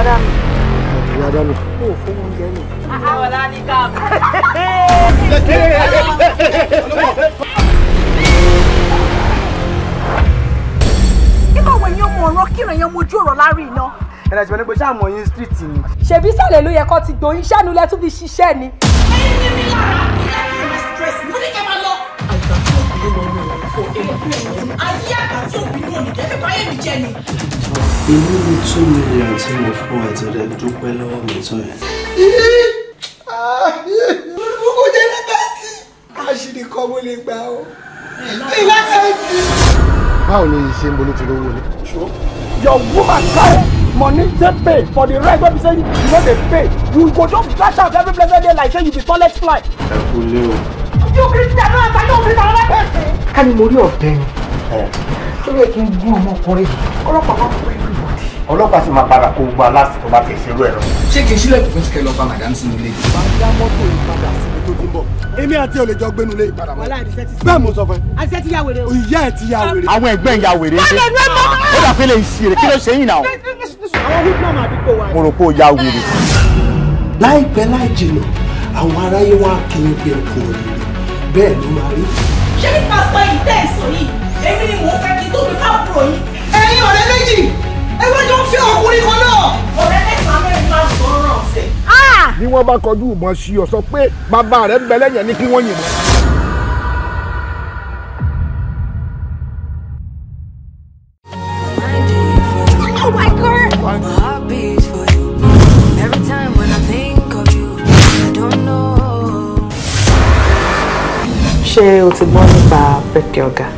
ọkọ̀ dànù. ìyá dànù. kó o fún oúnjẹ nù. àwọn ọ̀la ní káàbù. nígbà wo ni o mọ ọ̀rọ̀ kíran yẹn mojú ọ̀rọ̀ lárí iná. ẹ̀rọ ìṣẹ̀lẹ̀ pé sáà mọ̀ yín street ni. ṣèbí sàlẹ̀ ló yẹ kó ti gbòó iṣẹ́ nu lẹ́tún fi ṣiṣẹ́ ni. ẹyin ní mi lára ìyá mi máa stress mo ní kẹ́ máa lọ. àgbà tí òbí ló lọ lọ kó èèyàn kú èèyàn ayé àgbà tí òbí ló ní kẹ́fẹ́ báyé mi jẹ ni. Èmi ni two million tí mo fún ẹ tó dẹ̀ dúpẹ́ lọ́wọ́ mi tó yẹn. Olùkọ́ jẹ́ lábàtì. Àṣírí kan mo lè gbà ó. Ìlàkàtì. Báwo ni ìṣe ń bolú ti rówó ni? Your woman carry money dey pay for the rent wey be say you no dey pay. You go just dash out every blessed day like say you be toilet fly. Ẹ kú lé o. Ojú kìrìsìtì àná àtàlẹ́ òkìrìsìtì àwọn ọlọ́pàá ẹ̀sìn. Ká ni mo rí ọ̀bẹ ni? Eh tó yẹ kí n gún ọmọkùnrin ọlọ́pàá wá fún everybody. ọlọ́pàá sì máa padà kó gbogbo aláàsì tó bá ti ṣerú ẹ̀ lọ. ṣé kì í sílẹ̀ tó fi ti kẹ́ lọ bá madam sínú ilé. máa dá mọ́tò ìpadà síbi tó ti bọ̀ èmi àti ò jọ gbénu lé ìpadà mọ́. bẹ́ẹ̀ mo sọ fún ẹ. àṣẹ ti ya wèrè o. ìyá ẹ ti ya wèrè. àwọn ẹgbẹ́ ń wèrè ṣe. ó lè ṣe rè èmi ni mò ń fẹ́ kí n tóbi fáàbùrò yìí. ẹ̀yin ọ̀rẹ́ méjì ẹgbẹ́ tó ń fi ọkùnrin kan náà. ọ̀rẹ́ méjì máa mẹ́rin máa sọ̀rọ̀ ọ̀sẹ̀. Ah! bí wọ́n bá kọjú ìbọn sí ọ sọ pé bàbá rẹ̀ ń bẹ lẹ́yìn ní kí wọ́n yìnbọn. Oh ṣé o ti gbọ́ nípa pẹ̀tẹ́ ọ̀gá?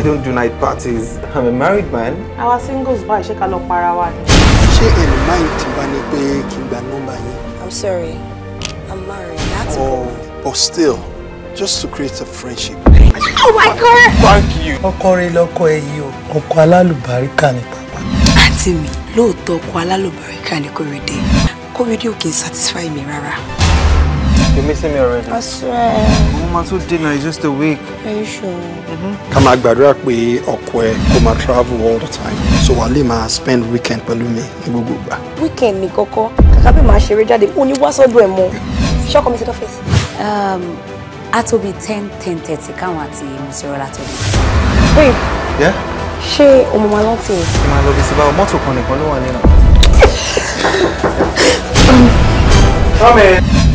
I don't do night parties. I'm a married man. Àwa singles boy. She ká look para one. She ain't mind to ń ti bá ní pé kí I'm sorry, I'm married. That's oh, but still, just to create a friendship. Oh my God! Thank you. Ọkọ rẹ lọkọ ẹ yìí o, ọkọ alálùbáríkà ni pàpà. Àǹtí mi, lóòótọ́ ọkọ alálùbáríkà ni Kóredé. de. ò kì í satisfy mi rárá. You're missing me already. I swear. Mo máa tó dé náà, just a week. Are you sure? Mm-hmm. Ká máa gbàdúrà pé We ẹ kó máa travel all the time. So wà á spend weekend pẹ̀lú mi ní gbogbo Weekend Nikoko. kọ́kọ́, ma bí màá ṣeré jáde, ó ní wá sọ́dọ̀ ẹ̀ mọ́. Ṣọ́kọ mi ti dọ́fẹ̀sì. Um, a tó bi ten ten thirty káwọn àti Mùsùlùmí tó Yeah? She o mọ̀ máa lọ́tì? Màá lọ bí sí báwo, mọ́tò kan nìkan Come in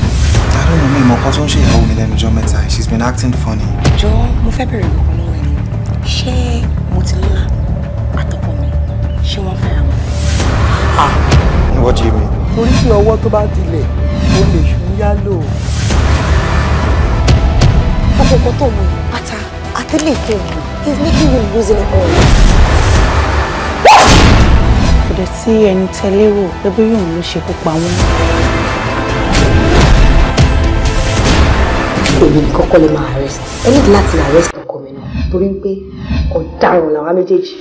mọ̀ kan tó ń ṣèyàwó mi lẹ́nu ọjọ́ mẹ́ta she's been acting funny. jọ mo fẹ́ bẹ̀rẹ̀ ìgbọ̀ngàn lọ́wọ́ ẹni ṣé mo ti lọ́la àtọ́kọ mi ṣé wọ́n fẹ́ra wọn. Ah. what do you mean. torí pé ọwọ́ tó bá dilẹ̀ ó lè ṣùn yálò. ọkọ̀ tó mú pátá àtẹ́lẹ̀ tó mú he's making me losing it all. kò dẹ̀ sí ẹni tẹ́lẹ̀ rò pé bí yóò ló ṣe kó pa wọ́n èmi nìkan kọ́ lè máa arrest ẹ nídìí láti arrest ọkọ mi náà torí pé ọ̀daràn làwa méjèèjì.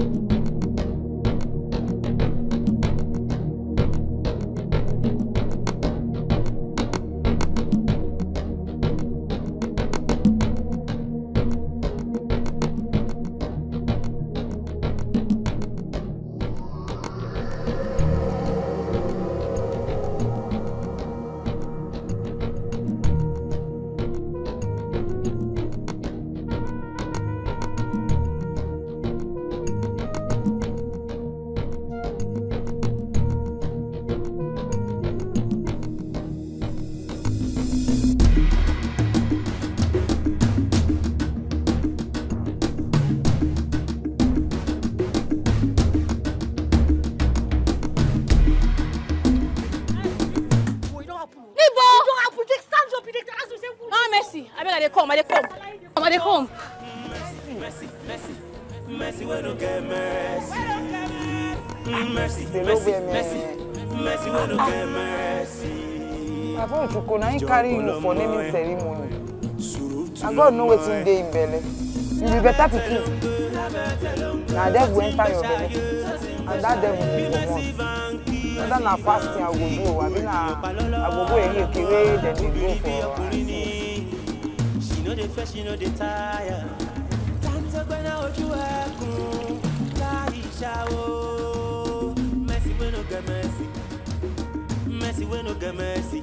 you carry you for naming ceremony and god know wetin dey in belly. you be better pikin Now, devil go enter your belly, and that devil go comot whether na fasting i go do I abi na i will go eri eke wey Then dey go for She she know know the the asins. Mercy when I get mercy, mercy when I get mercy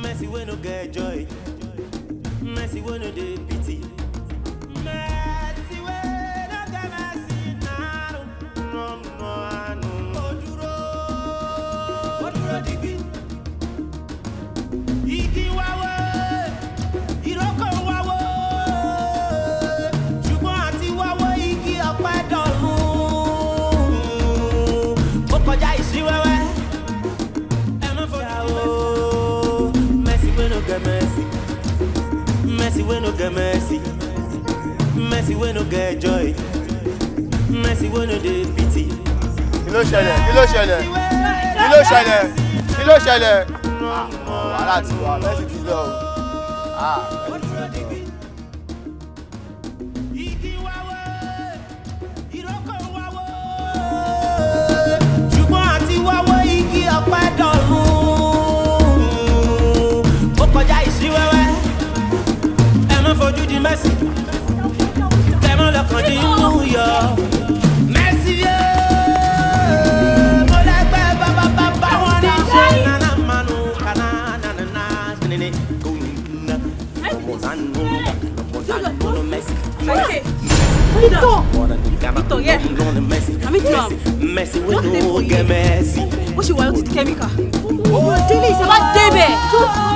mercy wey no get joy mercy wey no dey pity no get mercy mercy wey no get joy mercy wey no dey pity. kí ló ṣẹlẹ̀ kí ló ṣẹlẹ̀ kí ló ṣẹlẹ̀ kí ló ṣẹlẹ̀. wàhálà ti wà mercy ti lọ o. Ah, ṣùgbọ́n àti wáwọ́ igi ọ̀pẹ dán. merci. Tellement le candy New York. Merci, Mo lẹ́gbẹ́ bàbá bàbá wọn ní ṣe. Nana manu kana nana na sinini kuna. Okay. Victor! Victor, yeah. Coming to him. Mercy, we don't get mercy. What you want to do, Kemika? Oh, Julie, it's about David.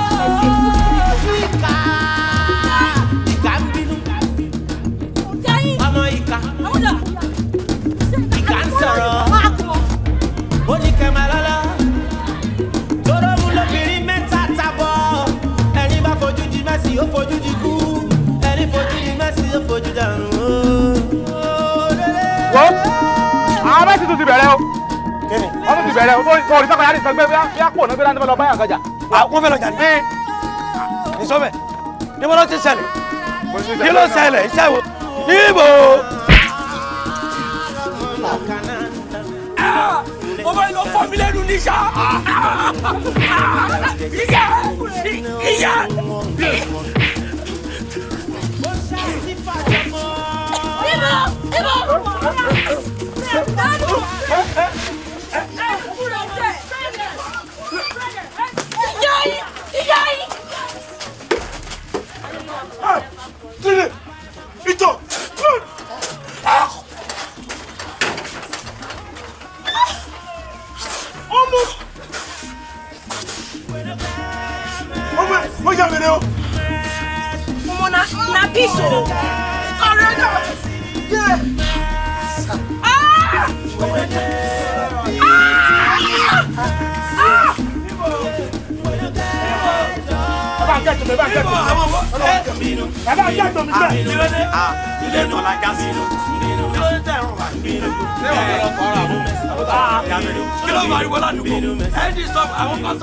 kan gbé bí a kú ọ̀nà gbé láti lọ báyà kọjá. àwọn fẹ́ lọ jà ní. ìsọfẹ ní wọn ti ṣẹlẹ̀ kí ló ṣẹlẹ̀ iṣẹ́ wo níbo. o bá lọ fọ mi lẹ́nu níṣà. ìyá ìyá. Ibo! Ibo! Dadu!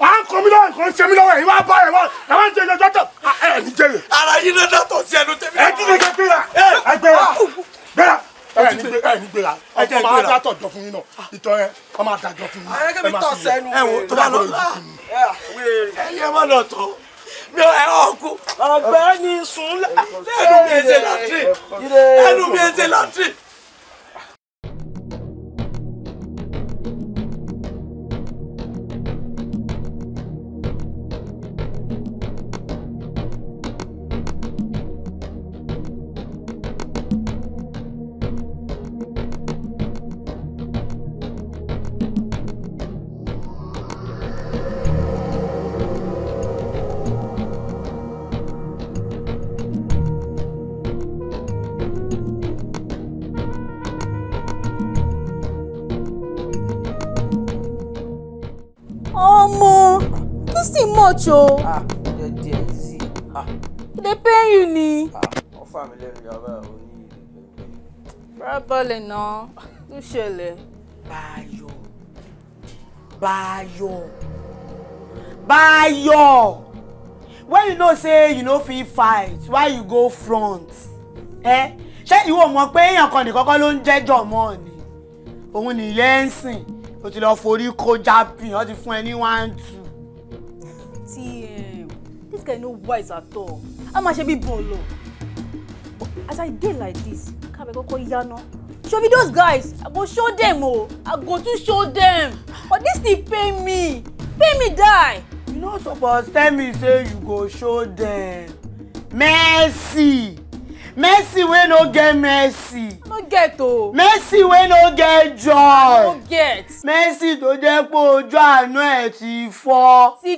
wà á kọ́ mi lọ́wọ́ nǹkan ṣe mi lọ́wọ́ yìí wà á bá yẹn wà á wà á jẹ ẹjọ́ tó ẹ ẹ ní jẹyẹ. ara yín náà dàtọ̀ sí ẹnu tẹ́mi. ẹ jíjẹ ká gbéra ẹ gbéra gbéra ẹ ní gbéra ẹ ní gbéra ẹ jẹ gbéra ọmọ adájọ jọ fún yín náà ìtọ yẹn ọmọ adájọ fún yín. ayẹkẹ mi tọ sẹnu ẹ wo tó bá lọ ẹ yẹ mọ lọ tọ mi ò ẹ ọkú. ọ̀gbẹ́ni sùn lẹ́nu mi ẹ ṣe lọtírì ẹnu mi ẹ ṣe lọtírì. o. ah yẹ díẹ̀ sí. e ah. dey pain you ni. Ah, wọ́n fà mí lẹ́nu yàrá òní ìdílé. rábọ̀lì náà ń ṣẹlẹ̀. Báyọ̀ Báyọ̀ Báyọ̀ when you know say you no fit fight why you go front. Eh? ṣé ìwọ mọ̀ pé èèyàn kan nìkan kọ́ ló ń jẹ́jọ́ mọ́ ni òun nìyẹn ń sìn o ti lọ forí kó jápìn o ti fún ẹ ní one two guy no wise at all a máa ṣe bí bọ́ọ̀lù as i did like this we go call Yano? show me those guys i go show them oh. i go to show them but this thing pay me Pay me die. you know suppose tell me say you go show them mercy mercy we no get mercy. no get Oh. mercy we no get joy. no get. mercy to jẹ́ pé ojú àánú ẹ̀ ti fọ́. ti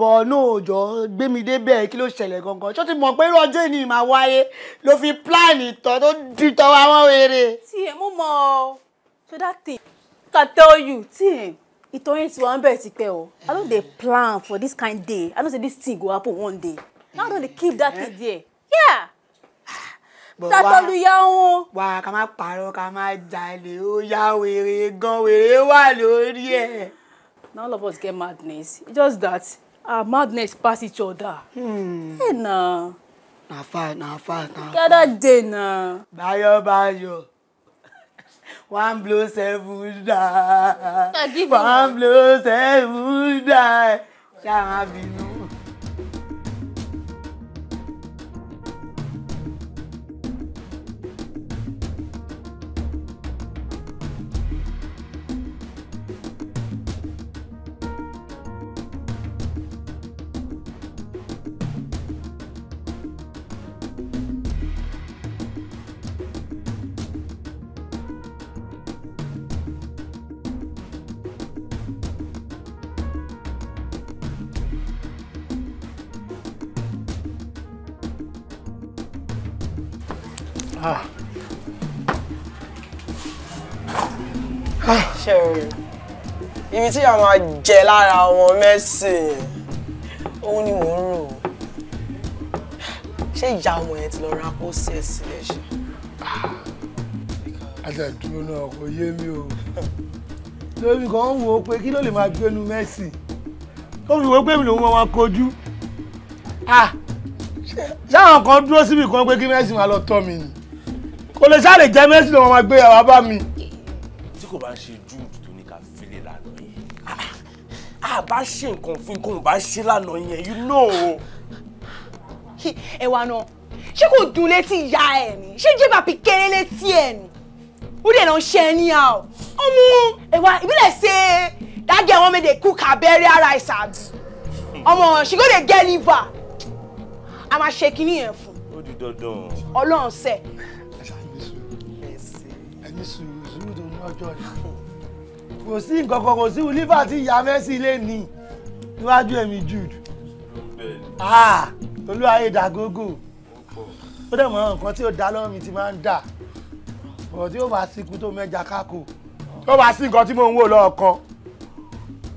bọ̀ ní òòjọ́ gbémi débẹ̀ kí ló ṣẹlẹ̀ gangan ṣó ti mọ̀ pé irú ọjọ́ máa wáyé ló fi pílánì ìtọ́ tó dìtọ́ wa wọ́n wéré. tí ẹ mú mọ so that thing can tell you tí ẹ ìtọ́ yẹn ti wà ń bẹ̀rẹ̀ ti pẹ́ o i don dey plan for this kind day i know say this thing go happen one day now i don dey keep that thing eh? there yeah tatọ́lùyá wọn. wà ká má parọ́ ká má jalè ó yá wèrè gan wèrè wà lórí ẹ̀. now all of us get madness it's just that our madness pass each other. Hmm. Hey, nah. Na fast, na fast, na fast. Gather day, na. Bayo, bayo. One blow, seven die. One blow, seven die. Shall I be no? tí a máa jẹ lára wọn Mercy òun ni mò ń rò ó ṣé ìyá ọmọ yẹn ti lọ ra kó sí ẹ sílẹ̀ ṣe. àtẹ̀dúró ah, náà kò yé mi o lórí kan ń wo pé kí ló lè máa gbénu Mercy ó fi wo pé mi lòun máa kojú ah, ṣáwọn kan dúró síbi kan pé kí Mercy máa lọ tọ́ mi ni kò lè ṣáà lè jẹ́ Mercy lòun máa gbé yàrá bá mi. tí kò bá ń ṣe a bá ṣe nǹkan fún nǹkan ò bá ṣe lánàá yẹn you know. ẹ̀wà náà ṣé kò dùn létí ìyá ẹ̀ ni ṣé jẹ́ bàbí kéré létí ẹ̀ ni ó dẹ̀ náà ṣe ẹ̀ níyà o ọmọ ẹ̀wà ìbílẹ̀ ṣe dágẹ̀ wọn mi dey cook abẹ́rẹ́ ara ìsàbí ọmọ she go dey get liver a máa ṣe kinní yẹn fún ó di dandan ọlọ́run sẹ́. ẹ̀mí sùúrù sùúrù tó ń wájú ọ̀la kò sí nǹkan kan kò sí wùlífà tí ìyá mẹ́sì lè ní níwájú ẹ̀mí jude ah, olúwa ayé ó dẹ̀ mọ́ nǹkan tí ó dá lọ́wọ́ mi ti máa ń dà ọ̀rọ̀ tí ó bá síkú tó mẹ́ja kákò ó bá sí nǹkan tí mò ń wò lọ́ọ̀kan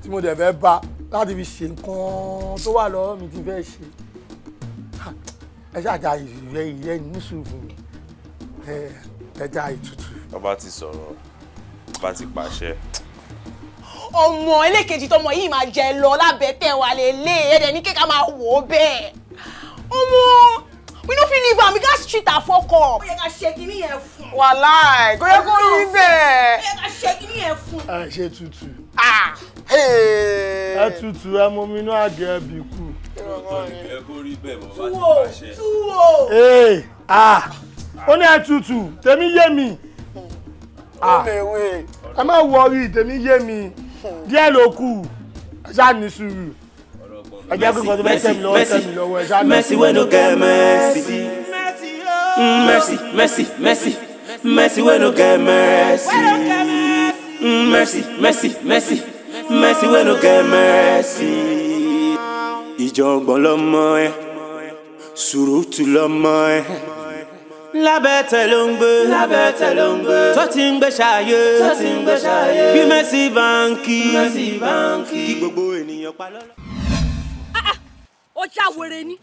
tí mo dẹ̀ fẹ́ bá láti fi ṣe nǹkan tó wà lọ́wọ́ mi ti fẹ́ ṣe ẹ ṣàjà ìrẹ́ ìrẹ́ nísùfù ẹ ẹja ìtutù. bàbá ti sọ̀rọ̀ bàbá ti pàṣẹ ọmọ ẹlẹ́kejì tọmọ yìí máa jẹ lọ lábẹ́ tẹ̀ wà lélẹ̀ ẹ̀dẹ̀ ní kéka máa wò ó bẹ́ẹ̀ ọmọ we no fit leave am we gats treat her for cup. ó yẹ ká ṣe kínní yẹn fún. wàláì kò yẹ kó rí bẹ́ẹ̀. ó yẹ ká ṣe kínní yẹn fún. a ṣe tutù. a tutù amomínú àgẹ bí kú. túwò túwò. ee a ó ní àtutù tèmi yé mi. Hmm. ó lè wé. ẹ má wọrí tèmi yé mi díẹ̀ ló kù ṣáà ní sùúrù ẹ kí nǹkan tó bẹ́ẹ̀ tẹ̀ mí lọ́wọ́ tẹ̀ mí lọ́wọ́ ẹ ṣáà Mercy wey oh. no get mercy Mercy Mercy Mercy Mercy wey no get mercy Mercy Mercy Mercy Mercy wey no get mercy. ìjọ̀ngbọ̀n lọ́mọ ẹ sùúrù tù lọ́mọ ẹ. La bête ló ń gbé lábẹ́ tẹ̀ ló ń gbé tó ti ń gbé ṣayé tó ti ń gbé merci bí mẹ́sì báńkì mẹ́sì báńkì kí gbogbo ènìyàn ah, lọ́lọ́. Ah. ó já wèrè ni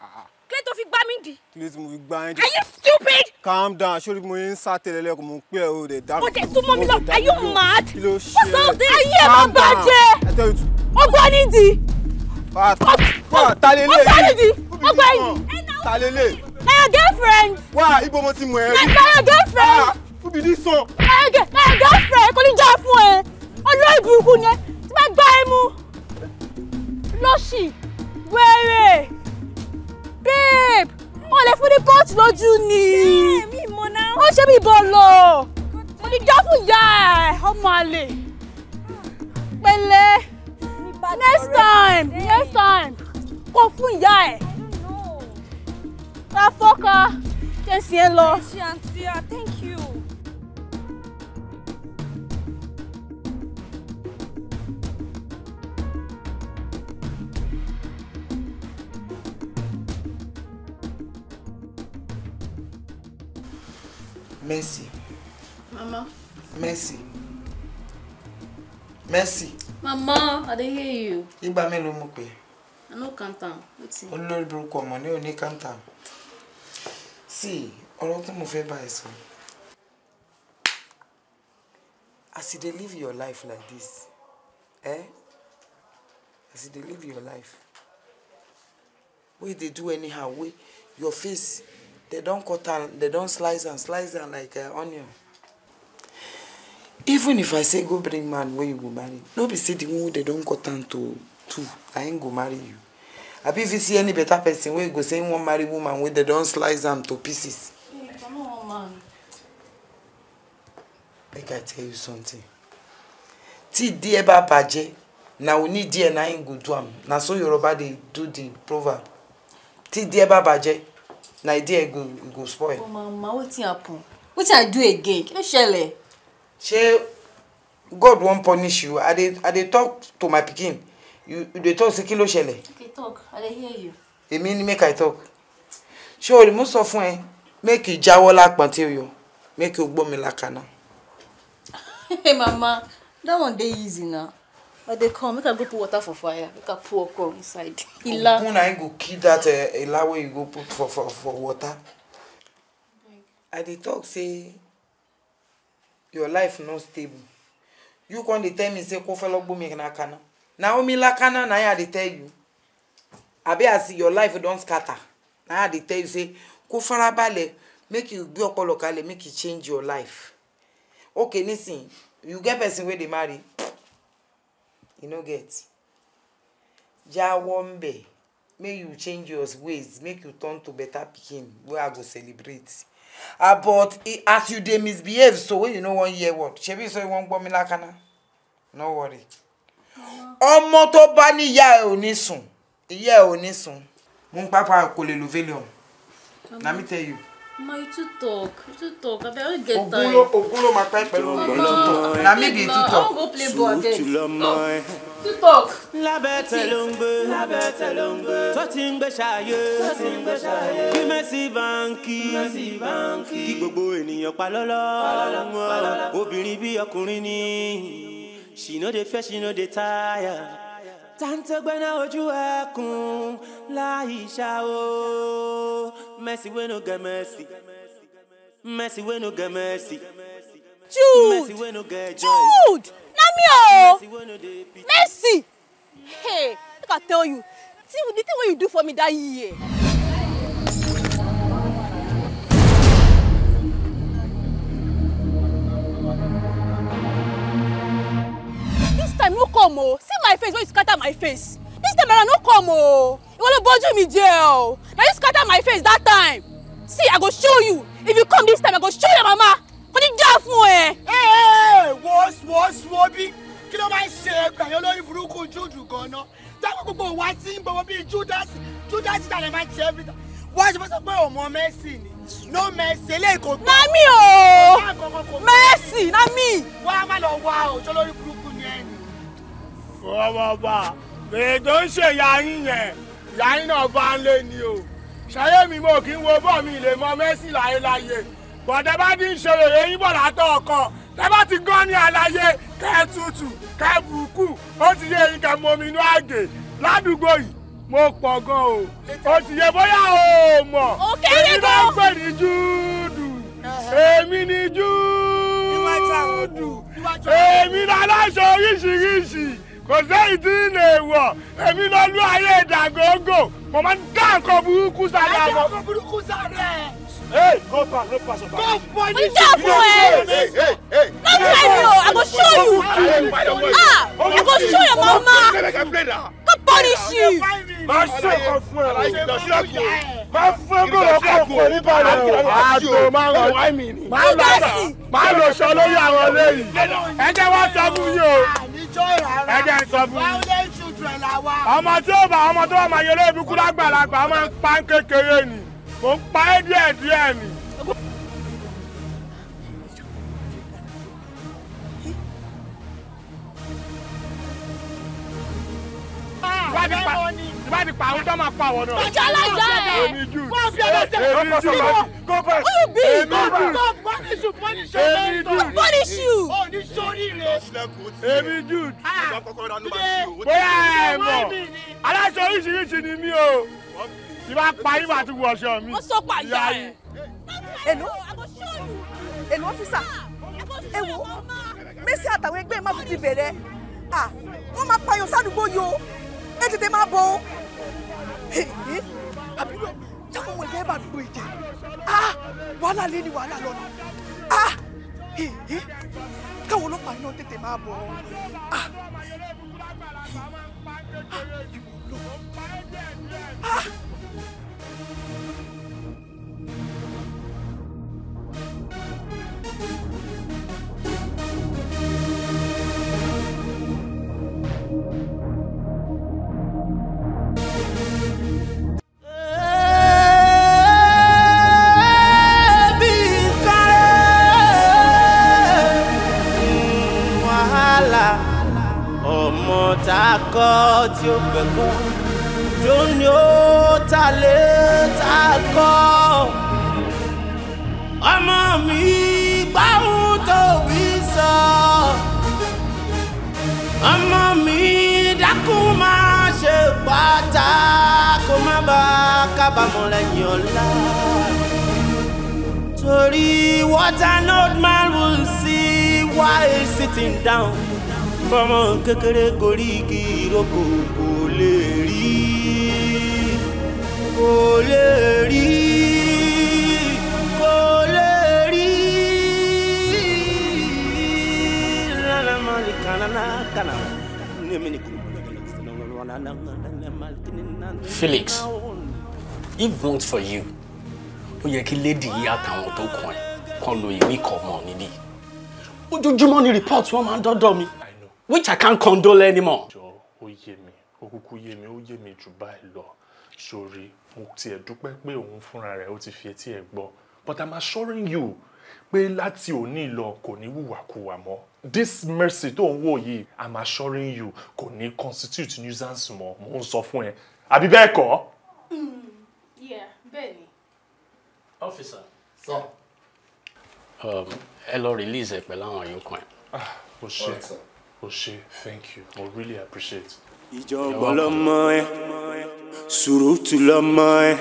ah, ah. kílé tó mi dì. kílé tí mo fi are you stupid. calm down sórí mo ń sá tẹ̀lé lẹ́kọ̀ọ́ mo ń pẹ́ o rẹ̀ dákú. mo tẹ súnmọ́ are you mad. kí ló ṣe é calm down. ayé ẹ̀ máa bàjẹ́. ọgbọ́n nídìí fast wá ta lele yìí ọgbẹ yìí ọgbẹ yìí ta girlfriend. wá ibo mo ti mọ My rí. na girlfriend. Ah, who be this son. na your girlfriend kò ní jẹ́ fún ẹ ọlọ́ ìbùkún ni ẹ ti bá gbá ẹ mú lọ́sì wẹ́rẹ́ babe o lè fún ní pọ́ọ̀tì lójú ni ó ṣe bí ìbọn lọ onídàáfù ya ẹ ọmọ àlè pẹ̀lẹ́ next time next time kó fún ìyá ẹ̀ ra fọ́kà jẹ́sí ẹ lọ. ṣe àǹtí ah, thank you. Mercy. Mama. Mercy. Mercy. Mama, I didn't hear you. Ìgbà mélòó mo pè. I no count am. Wetin? Olórí burúkú ọmọ ní òní count am. Sí, ọ̀rọ̀ tí mo fẹ́ bá ẹ sọ. As you live your life like this, eh? As you dey live your life, wey they do anyhow wey your face they don't cut and they don't slice and slice and like uh, onion even if i say go bring man wey you go marry no be say the one wey dem don cut am to two na him go marry you abi if you see any better person wey go say him wan marry woman wey dem don slice am to pieces. make i tell you something tí díẹ̀ bá bàjẹ́ na òní díẹ̀ na him go do am na so yoruba dey do the proverb tí díẹ̀ bá bàjẹ́ na díẹ̀ go go spoil. ọmọ mama wetin happen wetin i do again kí ló ṣẹlẹ̀ shey god wan punish you i dey i dey talk to my pikin you you dey talk say kilo ló ṣẹlẹ̀. okay talk i dey hear you. èmi ni make i talk ṣé o lè mú sọ fún ẹ make you jáwọ́ lápọ̀n tí o yọ make you gbọ́ mi hey mama that one dey easy na i dey come make i go put water for fire make i pour okro inside ila. ogun na go kill that uh, ila wey you go put for for for water. i dey talk say your life no stable you come dey tell me say kofelo gbomi na kana na omi lakana na i dey tell you abi as your life don scatter na i dey tell you say kó farabalẹ̀ make you gbé ọpọlọ kalẹ̀ make you change your life okay nisin you get person wey dey marry you no get jáwọ́ ńbẹ̀ make you change your ways make you turn to better pikin wey i go celebrate ah but as you dey misbehave so wey you no wan hear word shebi so you wan gbọ́ mi lakana? no worry ọmọ tó bá níyà ẹ ò ní sùn ìyá ẹ ò ní sùn mo pápá kò lè lo valium na me tell you. Mama, you too talk. You too talk. I don't get time. Ogun ló Ogun ló máa pẹ́ Na me dey too talk. I wan go play ball TikTok. lábẹ́ tẹ̀ longue. La bête lábẹ́ tẹ̀ ló ń gbé tó ti ń gbé ṣayé tó ti si gbé ṣayé kí mẹ́sì báńkì mẹ́sì báńkì kí gbogbo ènìyàn pa lọ́lọ́ obìnrin bí ọkùnrin ni she no dey fair she no dey tire tàǹtẹ̀gbẹ́ná ojú ẹkùn láì ṣá o mẹ́sì wẹ́n no get mẹ́sì mẹ́sì wẹ́n no get mẹ́sì. Jude Jude. Junior o oh! Mercy hey look, I tell you see the thing wey you do for me that year. this time no come oh, see my face when you scatter my face this time I no come oh, you ló bójú mi jẹ o oh. Now you scatter my face that time see I go show you if you come this time I go show your mama dá fún ẹ. wo wo wo bí kí ló máa ń ṣe ẹgbẹ́ yẹn lórí burúkú júùdù gan-an jákè gbogbo wa ti ń bọ̀wọ́ bíi judas judas ìtàlẹ̀ máa ń ṣe every time wọ́n ṣe fẹ́ sọ pé ọmọ Messi ni no Messi eléyìí kò gbọ́. nami o Messi nami. wọ́n á má lọ wá òjò lórí burúkú ni ẹni. wọ́n wọ́n wá bèrè tó ń ṣe yaayin yẹn yaayin náà bá ń lé ni o ṣayé mi mo kì í wo bọ́ọ̀ mi lè mọ Messi láyéláyé bọ̀dẹ̀ bá ní ìṣòro yẹn bọ̀ látọ̀ ọkọ̀ tẹ́ bá ti gán ní àlàyé kẹ́ tutù kẹ́ burúkú ó ti yé yín kẹ́ momi inú àgè ládùúgbò yìí mo pọ̀ gan o ó ti yé bóyá o mọ̀ èmi ló ń pè ní júùdù èmi ní júùdù èmi ní aláṣọ oríṣiríṣi kò sẹ́yìn tí ń wọ̀ èmi lọ́lú ayé ìdàgógó mo máa ń dá nǹkan burúkú sáré ẹ jẹ́ nǹkan burúkú sáré. Hey, go back, no pass over. Go for it. Stop, boy. Hey, hey, hey. Don't try me, oh. I go show you. Ah, I go show your mama. Go punish you. My my my my my friend, friend, friend, friend, Má ṣe ọkọ fún ẹ. Má fún ẹgbẹ́ ọkọ fún ẹ nípa rẹ̀. Má tó má rọ̀ wá mi ni. Má lọ sí. Má lọ sọ lórí àwọn eléyìí. Ẹ jẹ́ wá sọ fún yín o. Ẹ jẹ́ sọ fún yín. Ọmọ tí ó bá ọmọ tó bá máa yọ lórí ibùkún lágbàlagbà máa ń pa kékeré ni mo ń pa ẹ́ díẹ̀ díẹ̀ ni. bá ti pa àwọn tó máa pa àwọn náà. bàjẹ́ alájà ẹ̀ èmi jù èmi jù go back èmi jù punish you punish you èmi jù punish you. o ní sori rẹ. èmi jù bóyá ẹ̀ mọ̀ aláṣọ oríṣiríṣi ni mí o tí bá parí bá ti wọ ọṣọ mi. ó sọ pàyà ẹ. èlò èlò ọ́fíìsà ewo Mercy àtàwọn ẹgbẹ́ má tún ti bẹ̀rẹ̀ ah, wọ́n máa payàn sádùúgbò yìí o ẹ tètè máa bọ̀ o. àbúrò jákòó wọn ìfẹ́ bá dùgbò ìjà ah, wàhálà lé ní wàhálà lọ́nà ah, káwọn ọlọ́pàá iná tètè máa bọ̀ ọ́ ìwọ lọ. akọ tí ó gbẹ̀kún tó ní ó ọmọ mi báwọn tóbi sọ ọmọ mi dákun máa ṣe pátá kó má bá kábàámọ̀ lẹ́yìn ọ̀la torí what an old man will see while sitting down bọ́mọ kékeré gorí igi ìrókò kò lè rí kò lè rí. Felix if not for you ó yẹ lady yìí àtàwọn tó kàn ẹ́ kàn lo ìwé ìkọ̀mọ̀ níbí ojoojúmọ́ ni report wọn máa ń dọ́dọ̀ mi which I can't condole anymore. Oh ó yé mi ó kúkú yé mi ó yé mi jù báyìí lọ sórí mo tiẹ̀ dúpẹ́ pé òun ti fi etí but I'm assuring you pé láti òní lọ kò ní wùwàkuwà mọ́ this mercy tó ń wò yìí i'm assuring you kò ní constitute nuisance mọ́ mò ń sọ fún ẹ àbí bẹ́ẹ̀ kọ́. Hmm, bẹ́ẹ̀ ni. officer sọ. Um, ẹ lọ release ẹ pẹ̀lú àwọn yòókù ẹ. o ṣe o ṣe thank you I really appreciate. ìjọba lọmọ ẹ sùúrù lọmọ ẹ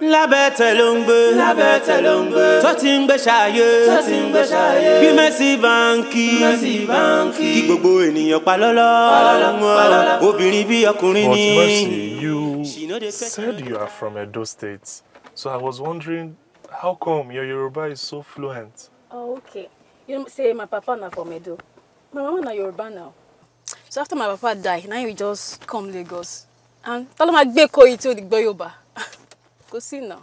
lábẹ́ ló ń gbé lábẹ́ ló ń gbé tó ti ń gbé ṣayé tó ti ń gbé ṣayé bí mẹ́sì báńkì mẹ́sì báńkì kí gbogbo ènìyàn pa lọ́lọ́ obìnrin bí ọkùnrin ni. But Mercy, you said you are from Edo State, so I was wondering how come your Yoruba is so fluent. Oh, okay. You say my papa na from Edo. My mama na Yoruba now. So after my papa die, now we just come Lagos. And tell him I gbé koyi tí ó di gbọ́ Yorùbá. Go see now.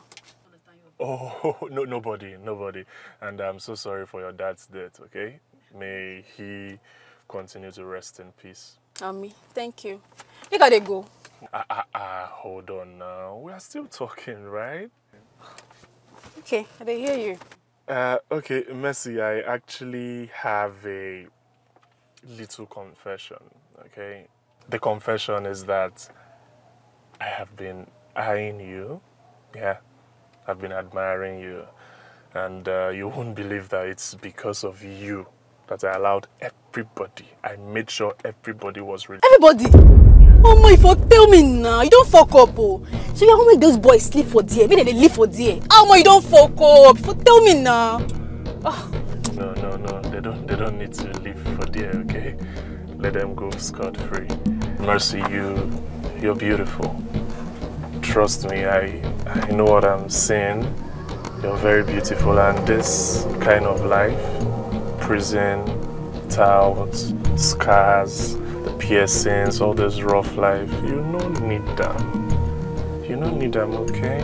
Oh, no, nobody, nobody. And I'm so sorry for your dad's death, okay? May he continue to rest in peace. Ami, thank you. You gotta go. Ah, ah, ah, hold on now. We are still talking, right? Okay, I hear you. Uh, okay, Mercy, I actually have a little confession, okay? The confession is that I have been eyeing you yeah, I've been admiring you. And uh, you won't believe that it's because of you that I allowed everybody. I made sure everybody was ready. Everybody? Oh my fuck, tell me now. You don't fuck up, oh. So you don't make those boys sleep for dear. Maybe they live for dear. Oh my, you don't fuck up. For, tell me now. Oh. No, no, no. They don't, they don't need to live for dear, okay? Let them go scot-free. Mercy, you, you're beautiful trust me, I, I know what I'm saying. You're very beautiful, and this kind of life prison, touts, scars, the piercings, all this rough life you no need them. You no need them, okay?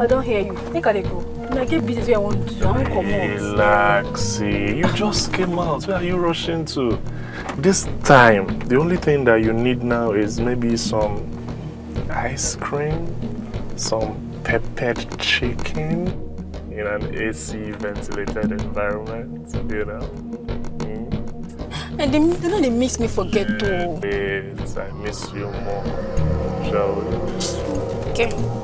I don't hear you. Make I go. I get business where I want to. I not come Relax. You just came out. Where are you rushing to? This time, the only thing that you need now is maybe some ice cream some peppered chicken in an AC ventilated environment, you know. Mm. And they, you know they makes me forget yeah, to. I miss you more, shall we? Okay.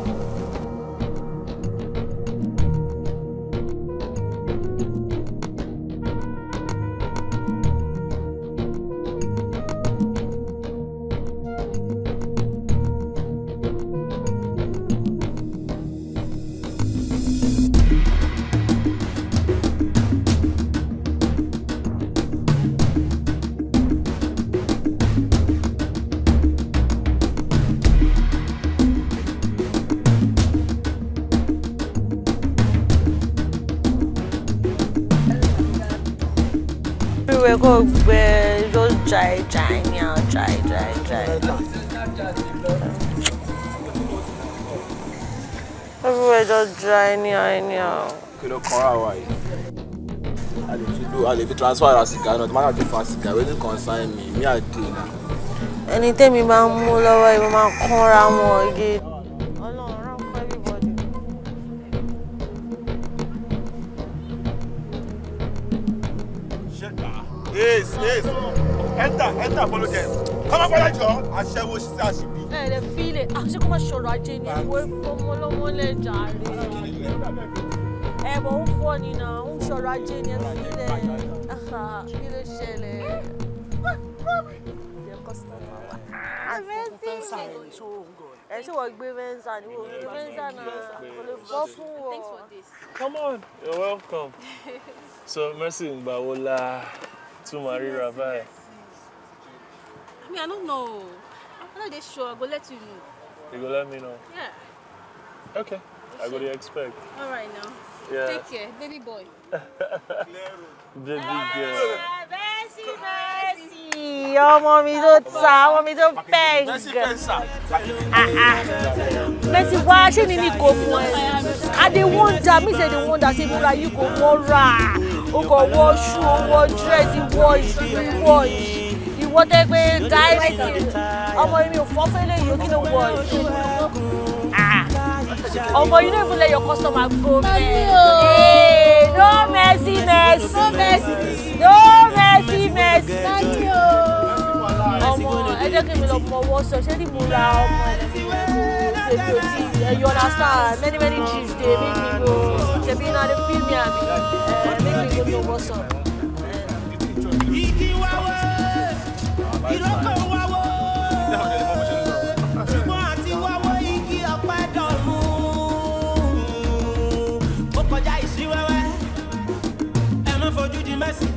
go gbẹ just dry dry now dry dry dry. everywhere just dry anyhow anyhow. kí you kàn ra wa yìí a do a lè fi transfer ara sìgá náà tomata tó fa sìgá wey no concern me me i dey na. ẹni tẹ́mi máa ń mú lọ́wọ́ yìí mo máa kánra wọn gidi. ṣì sí àṣìbí. ẹ lè fi àṣẹ ah, kó má ṣọ̀rọ̀ ajé ni ìwé fọmọlọmọ lẹjà rẹ. ẹ bọ̀ ń fọ́ ni náà ń ṣọ̀rọ̀ ajé ni ẹ fi kí ló ṣẹlẹ̀. Ah, ẹ ṣé wọ́n gbé mensa ni wọ́n gbé mensa náà kò lè bọ́ fún wọn. come on you're welcome so mercy ngbawo la tún máa ríra báyìí. I mean, I don't know. No, they sure. go let you know. You go let me know? Yeah. Okay. I go to expect. All right now. Yeah. Take care, baby boy. baby ah, girl. Bẹ́sì bẹ́sì. Ọmọ mi tó ta, ọmọ mi tó pẹ́ ìgbà. Bẹ́sì pẹ́sà. Bẹ́sì wá ṣé mi ní kò fún ẹ? I dey wonder, ah, me say dey wonder say Bùrà you go wọ́n you go wash wọ́ ṣú, o wọ́ dírẹ́sì, wọ́ ìṣú, ìwọ tẹ́ pé gáì ọmọ mi ò fọ́ fẹ́lẹ̀ yìí kí ló wọ ah! ọmọ yìí náà ìfúnlẹ̀ your customer go there no mercy mercy no mercy mercy ọmọ ẹ jẹ́ kí mi lọ mọ ọwọ́ sọ ṣé ní mo ra ọmọ ẹ̀ ṣe bí o ti you understand many many gist dey make me go ṣebí na the film yam make me go know what's up. ìrókò wáwó ṣùgbọ́n àti wáwó igi ọ̀pẹ dọ̀rùn ó kọjá ìṣíwẹ́wẹ́ ẹ má fojú di mẹ́sì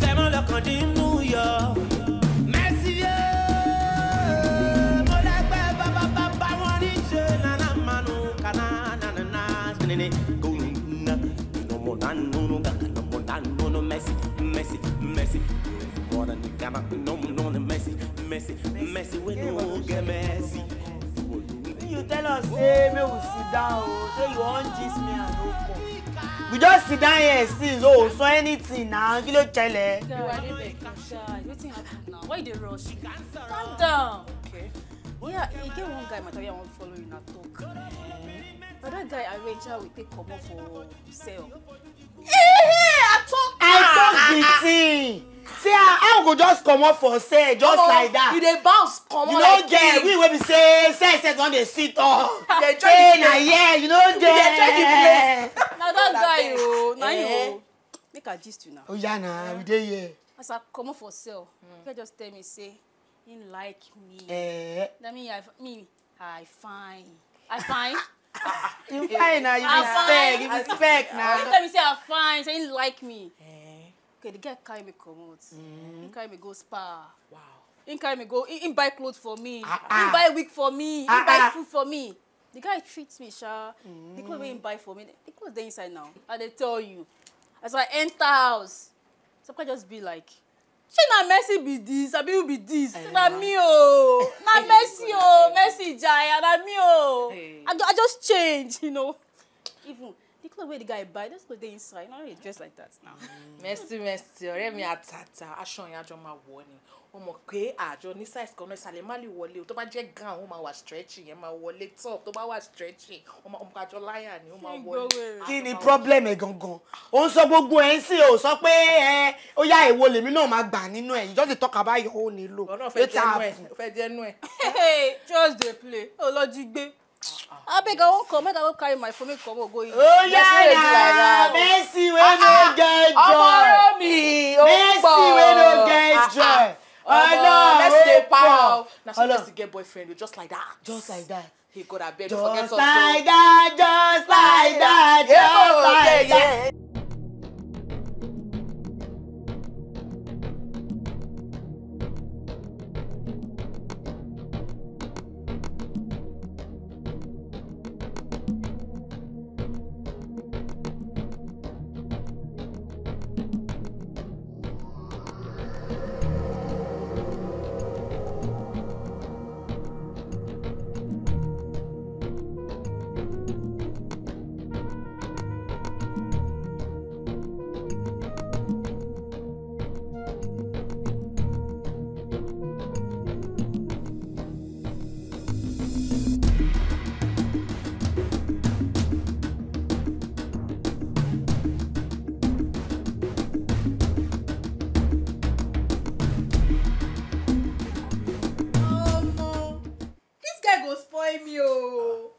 tẹ̀mọ́ lọ́kàn dín nù. Ghana, no, no, no, Messi, Messi, Messi, we no get Messi. You tell us, say, me we sit down, oh, So you want gist me and no come. We just sit down here since, oh, so anything now, kí ló ṣẹlẹ̀. Wetin happen now? Why the rush? Calm down. Okay. Oh, yeah, e get one guy, my tell you, I wan follow you na talk. But that guy arrange how we take comot for sale. Hey, hey, I talk. I talk the thing say ah, how go just come up for sale just oh, like that you dey bounce comot like king you no get we will be say say, say don dey sit up say na yeah, you know. no get oh. eh? oh. Now that guy o now you make a gist you Oh yeah, na we dey here. as i up for sale mm. you just tell me say he like me eh. na me i me i fine i fine. you fine now. you respect you respect now. you tell me say i fine say he like me okay the guy carry me comot mm. he carry me go spa wow. he carry me go he, he buy clothes for me ah, ah. he buy wig for me ah, he buy ah. food for me the guy treats me sha mm. the cloth he buy for me the cloth dey inside now And they tell you as i enter house some guy just be like ṣé na mercy be this be who be this ṣé na eh, me oh. na mercy oh. mercy jaya na me oh. i just change you know even the cloth wey the guy buy those clothes dey inside no dey dress like that now. Mm. mercy mercy ọ̀rẹ́ mi àtàtà aṣọ yẹn àjọ máa wọ̀ ni o pé àjọ ní size kan náà ìsàlẹ̀ má lè wọlé o tó bá jẹ́ gown ó máa wà stretchy yẹn máa wọlé top tó bá wà stretching. ọmọ ọmọ àjọ láyà ni ó máa wọlé. kí ni problem ẹ gangan ó ń sọ gbogbo ẹ ń sìn ó sọ pé ẹ ó yá èwo lèmi náà máa gbà nínú ẹ ìjọ́sìn tọ́ka báyọ̀ ó nílò. ọ̀nà ò fẹ́ jẹ́nu ẹ̀ just dey play ó gbé abeg i wan come make i go carry my phone make comot go in. ó yára mercy wey no get ah, ah, joy ọmọ mi ó pọ̀ mercy wey no get joy ọlọ́run ó pọ̀ na so person get boyfriend o just like that. just like that. he go abeg don't forget us o. Oh. just like that just ah, like that just like that. èmi o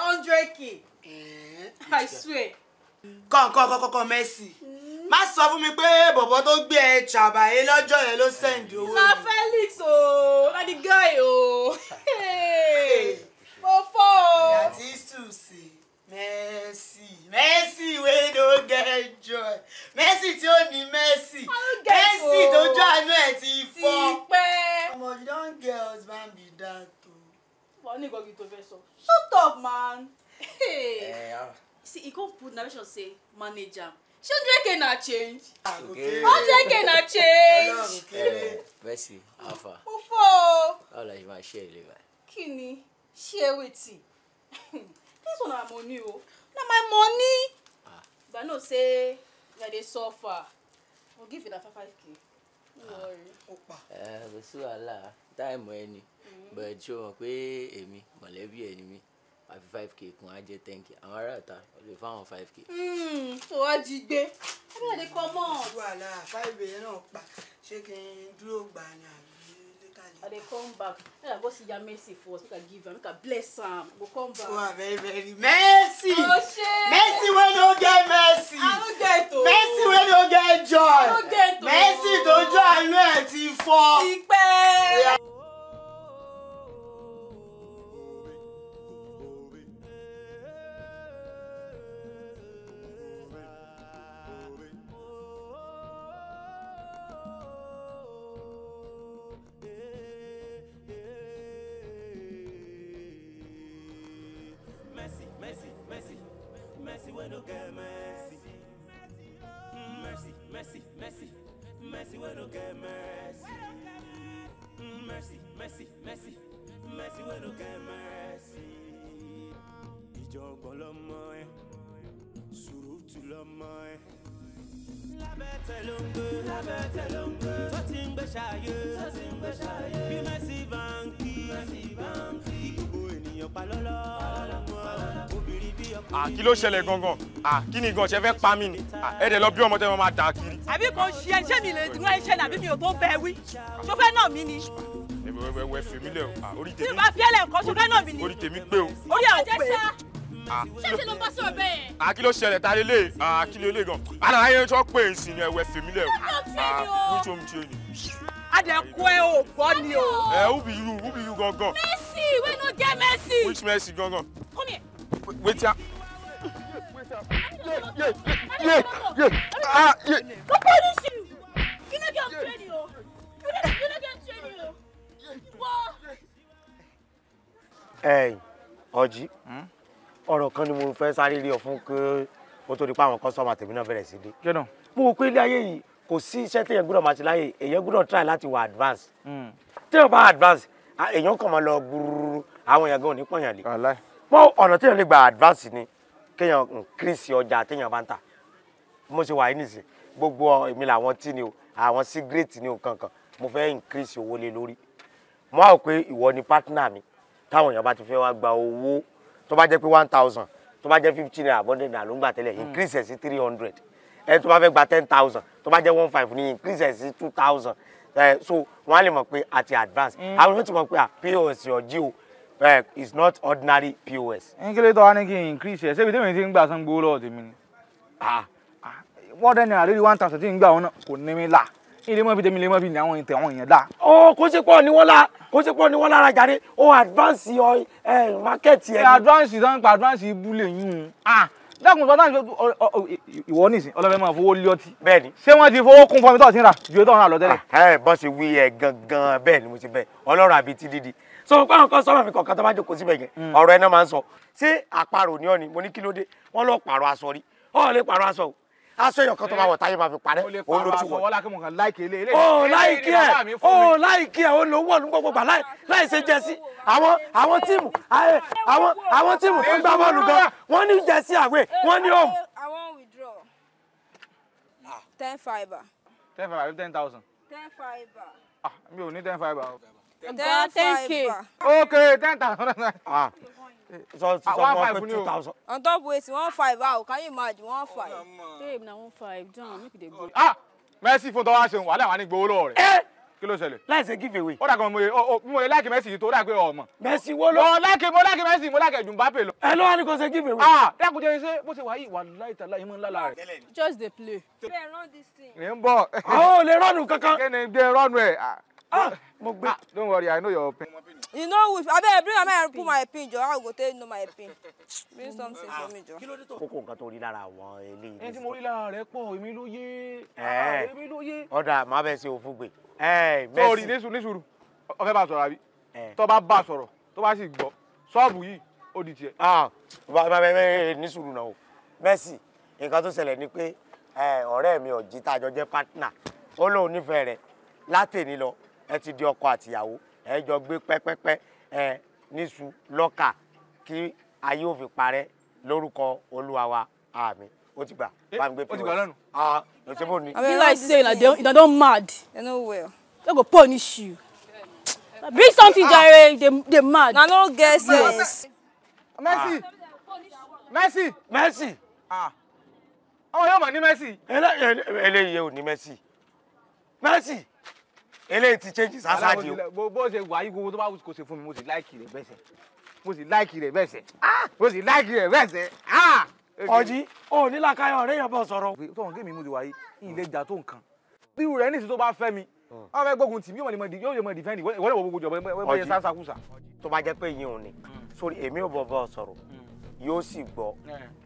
hundred k eh, i swear. Come, kọ̀ǹkọ̀ mẹ́sì hmm? má sọ fún mi pé bọ̀bọ̀ tó gbé ẹ ṣàbàyé lọ́jọ́ yẹn ló sẹ́ǹdì owó. na Felix o na the guy o mo fọ́ o. yàtí sùsì Messi Messi wey no get joy Messi tí ó ní Messi Messi tó jọ àánú ẹ̀ ti fọ́. ti pẹ́. ọmọ you don get husband be that. Wọ́n ní ìgbọ́gi tó fẹ́ Shut up man. Hey. Eh, See, he come put now. should say manager. She don't hundred k na change? Ah, hundred k na change. Eh, Mercy, how far? Mo fọ́ o. Báwo la ṣe máa share èlé báyìí? Kí ni? Ṣé wetin? This one na my money o. Na my money. Ah. But I know say that they suffer. I'll give you that five five k. No ah. worry. Ó pa. Eh, kò sí Time táìmù bẹ́ẹ̀ tí o mọ̀ pé èmi mọ̀lẹ́bí ẹ̀ ni àfi five k kún á jẹ ten k àwọn ará ìta lè fáwọn five k. ó hmm, wá jí gbé ẹgbẹ́ ìdí kan mọ́. wàhálà five a náà pa ṣé kí n dúró gbà ní àná. I dey come back. Make I go see your mercy first. Make I give am. Make I bless am. Go come back. You very very mercy. Oh, mercy wey no get mercy. I no get o. Mercy wey no get joy. I no get o. Mercy to joy. àánú ẹ̀ ti fọ́. mercy, mercy, mercy, we don't get mercy. Mercy, mercy, mercy, mercy, we don't get mercy. Ìjọ̀gbọ̀n lọmọ ẹ, sùúrùtù lọmọ ẹ. Lábẹ́ tẹ̀ ló ń gbé, lábẹ́ tẹ̀ ló ń gbé, tó ti ń gbé ṣayé, tó ti ń gbé ṣayé. Bí Mercy Banky, Mercy Banky, gbogbo ènìyàn pa lọ́lọ́, obìnrin bí ọkùnrin. À kí ló ṣẹlẹ̀ gangan? À ni gan ṣe fẹ́ pa mí ni? Ẹ̀ẹ́dẹ̀ lọ bí ọmọ tẹ́ wọn máa dà kí àbí kò ṣe ẹ ṣé mi lè dúró ẹ ṣẹlẹ̀ àbí mi ò tó bẹ wí tó fẹ́ náà mí ni. ẹwẹ fèmí lẹ o orí tèmi. tí o bá fi ẹlẹ nǹkan tó fẹ́ náà mí ni. orí tèmi pé o. orí ẹ ò pé. ṣé ti ló ń bá sọ̀rọ̀ bẹ́ẹ̀ yẹn. àkí ló ṣẹlẹ̀ ta lélẹ̀ àkí lélẹ̀ gan. àlọ́ ayé tó pé ìsìn ẹwẹ fèmí lẹ o. wíṣọ mi ti o ni. adẹ̀kú ẹ ò gbọ́ ni o. ẹ who be you who be you gangan. Mercy we no get Mercy. which Mercy gangan. come here. wait ya. wait ya yeah, yeah, yeah, yeah. Ah, yeah. Go punish you. You no get training, oh. You no, you no get training, oh. Ẹ̀yin ọjí ọ̀rọ̀ kan ni mo fẹ́ sáré rí ọ fún pé ó tó di pa àwọn kọ́sọ́mà tèmi náà bẹ̀rẹ̀ sí dé. Mo wò pé ilé ayé yìí kò sí iṣẹ́ téèyàn gbọ́dọ̀ máa ṣe láyè èèyàn gbọ́dọ̀ try láti wà advance. Hmm. Téèyàn bá advance èèyàn kàn máa lọ gbúrúrú àwọn èèyàn gan ò ní pọ̀yàn lé. Mọ ọ̀nà téèyàn lè gba advance ni kéèyàn increase ọjà téèyàn bá ń tà mo ṣe wà yìí nìsín gbogbo èmi làwọn tí ni o àwọn cigarette ni o kankan mo fẹ́ increase owó lé lórí mo á rò pé ìwọ ni partner mi táwọn èèyàn bá ti fẹ́ wá gba owó tó bá jẹ́ pé one thousand tó bá jẹ́ fifteen naira one hundred naira ló ń gbà tẹ́lẹ̀ increase ẹ̀ sí three hundred ẹ tó bá fẹ́ gba ten thousand tó bá jẹ́ one five ní increase ẹ̀ sí two thousand ẹ so wọ́n á lè mọ̀ pé àti advance mm. àwọn èèyàn ti mọ̀ pé à pos ọjí o Uh, it's not ordinary POS. n kí ló tọ́ wa ní kí n increase ẹ̀ ṣébi tèmi ti ń gbà san gbowó lọ́wọ́ tèmi ni. Ah, wọ́n dẹ́ni àrírí one thousand tí ń gbà wọn náà kò ní mi là ilé mọ́ fi tèmi lé mọ́ fi ní àwọn ìtẹ̀ àwọn èèyàn dá. ó kó ṣe pọ̀ ní wọ́n la kó ṣe pọ̀ ní wọ́n lára jáde ó advance ọ ẹ mákẹ́tì ẹ. advance sanni pa advance ibúlé yún un ah, dákun sọ náà ìwọ nísìn ọlọfẹ máa fowó lé ọtí. bẹ́ẹ̀ni. ṣé wọn ti fowó kún fún ọmọ tó ti ń rà ju ètò ọ̀run àlọ tẹ́lẹ̀. Ah, bọ́sẹ̀ wí ẹ̀ gangan bẹ́ẹ̀ ni mo ti bẹ̀ ọlọ́run àbí ti dídi so pé àwọn kan sọ́mọ̀ mi kọ̀ọ̀kan tó bá jókòó síbẹ̀ yẹn mm. ọ̀rọ̀ ẹ̀ náà máa ń sọ ṣé àparò ni ọ́ ni mo ní kí ló dé wọ́n lọ pààrọ̀ aṣọ rí ọ̀ lè pààrọ̀ aṣọ o aṣọ èèyàn kan tó máa wọ̀ táyé máa fi parẹ́ òun ló tún wọ̀. o láìkí ẹ o láìkí ẹ o ló wọ̀ ní gbogbo gbà láì ṣe jẹ́sí àwọn àwọn tíìmù àwọn àwọn tíìmù tó ń gbá bọ́ọ̀lù gan wọ́n ní jẹ́sí àwẹ̀ wọ́n ní òun. àwọn withdraw ten fiber. ten fiber àbí ten thousand. ten fiber. ah mi ò ní ten fiber ten ten thousand naira. Ah, so ah, one five two thousand. on top waist one five ah can you imagine one five. Oh, babe na one five john make you dey ah mercy fún tọ́wá ṣeun wàhálà wà ní gbowó lọ́wọ́ rẹ̀ kí ló ṣẹlẹ̀. láìsẹ̀ give away. ó dàgbọ́n mo ye mo ye láìkì mẹ́sì yìí tó dàgbé ọmọ. mẹ́sì wo ló. mo láìkì mo láìkì mẹ́sì mo láìkì ẹ̀dùn bápẹ̀ lọ. ẹ ló wá ní kò ṣe give away. ah dákun jẹ́ ṣé bó ṣe wà yìí wà láì tàlá yìí mú ńlá la rẹ̀. just dey play. ṣe é rán dis thing. rè ń bọ̀. àwọn ah, ò lè rọ́ọ̀nù kankan. kí ni gbé rọ́ọ̀nù ẹ̀ Ah! Ah! mo ah! don't worry i know your pin. you know which abeg bring am put my pin jọ how i go take know my pin bring something for me jọ. kókó nǹkan tó rí lára àwọn eléyìí. ẹni tí mo rí lára rẹ pọ̀ èmi ló yé èmi ló yé. ọ̀dà má bẹ́ẹ̀ ṣe òfin gbè. sọ̀rì nísùúrù ọ̀fẹ́ bá sọ̀rọ̀ àbí tó bá bá sọ̀rọ̀ tó bá sì gbọ́ ṣọ́ọ̀bù yìí ó di tiẹ̀. bàbá mi ní sùúrù náà o Mercy nǹkan tó ṣẹlẹ̀ ni pé ọ̀rẹ́ mi ọ̀jì tá a jọ jẹ́ pátínà ó lóun nífẹ̀ẹ́ rẹ̀ látẹ̀ni lọ ẹ ti di ọkọ àtìyàwó ẹ jọ gbé pẹ́pẹ́pẹ́ ẹ níṣu lọ́kà kí ayé ò fi parẹ́ lórúkọ olúwa wa ó ti gbà eh, bá gbé pos ah ló ṣe bó ni. i mean like say na don na don mad. i no well. they go punish you. bring something ah. jare dey dey mad. na no get sense. mercy mercy mercy. ọmọ yóò mọ̀ ní mercy. eléyìí ò ní mercy mercy eléyìí ti change sásájì o. bó ṣe wà yí gbogbo tó bá kò ṣe fún mi mo sì láìkì rẹ bẹ́sẹ̀ mo sì láìkì rẹ bẹ́sẹ̀ ah! mo sì láìkì rẹ bẹ́sẹ̀. Ah! ọjí o ní làkàyọ ọ̀rẹ́ yẹn bọ sọ̀rọ̀. tọhún kí mi mú ti wáyé ilé ìjà tó nǹkan bírù rẹ ní tó bá fẹ́ mi wọn fẹ́ gbógun tì mí yóò yẹ mọ dìfẹ́ǹdì ìwọlẹ̀ wọ gbogbo jọ̀bọ̀ ẹ bọ́ yẹ sásákùsà. tó bá jẹ́ pé yín ò ní hmm. sórí èmi ò bọ̀ bọ́ sọ̀rọ̀ hmm yóò sì gbọ́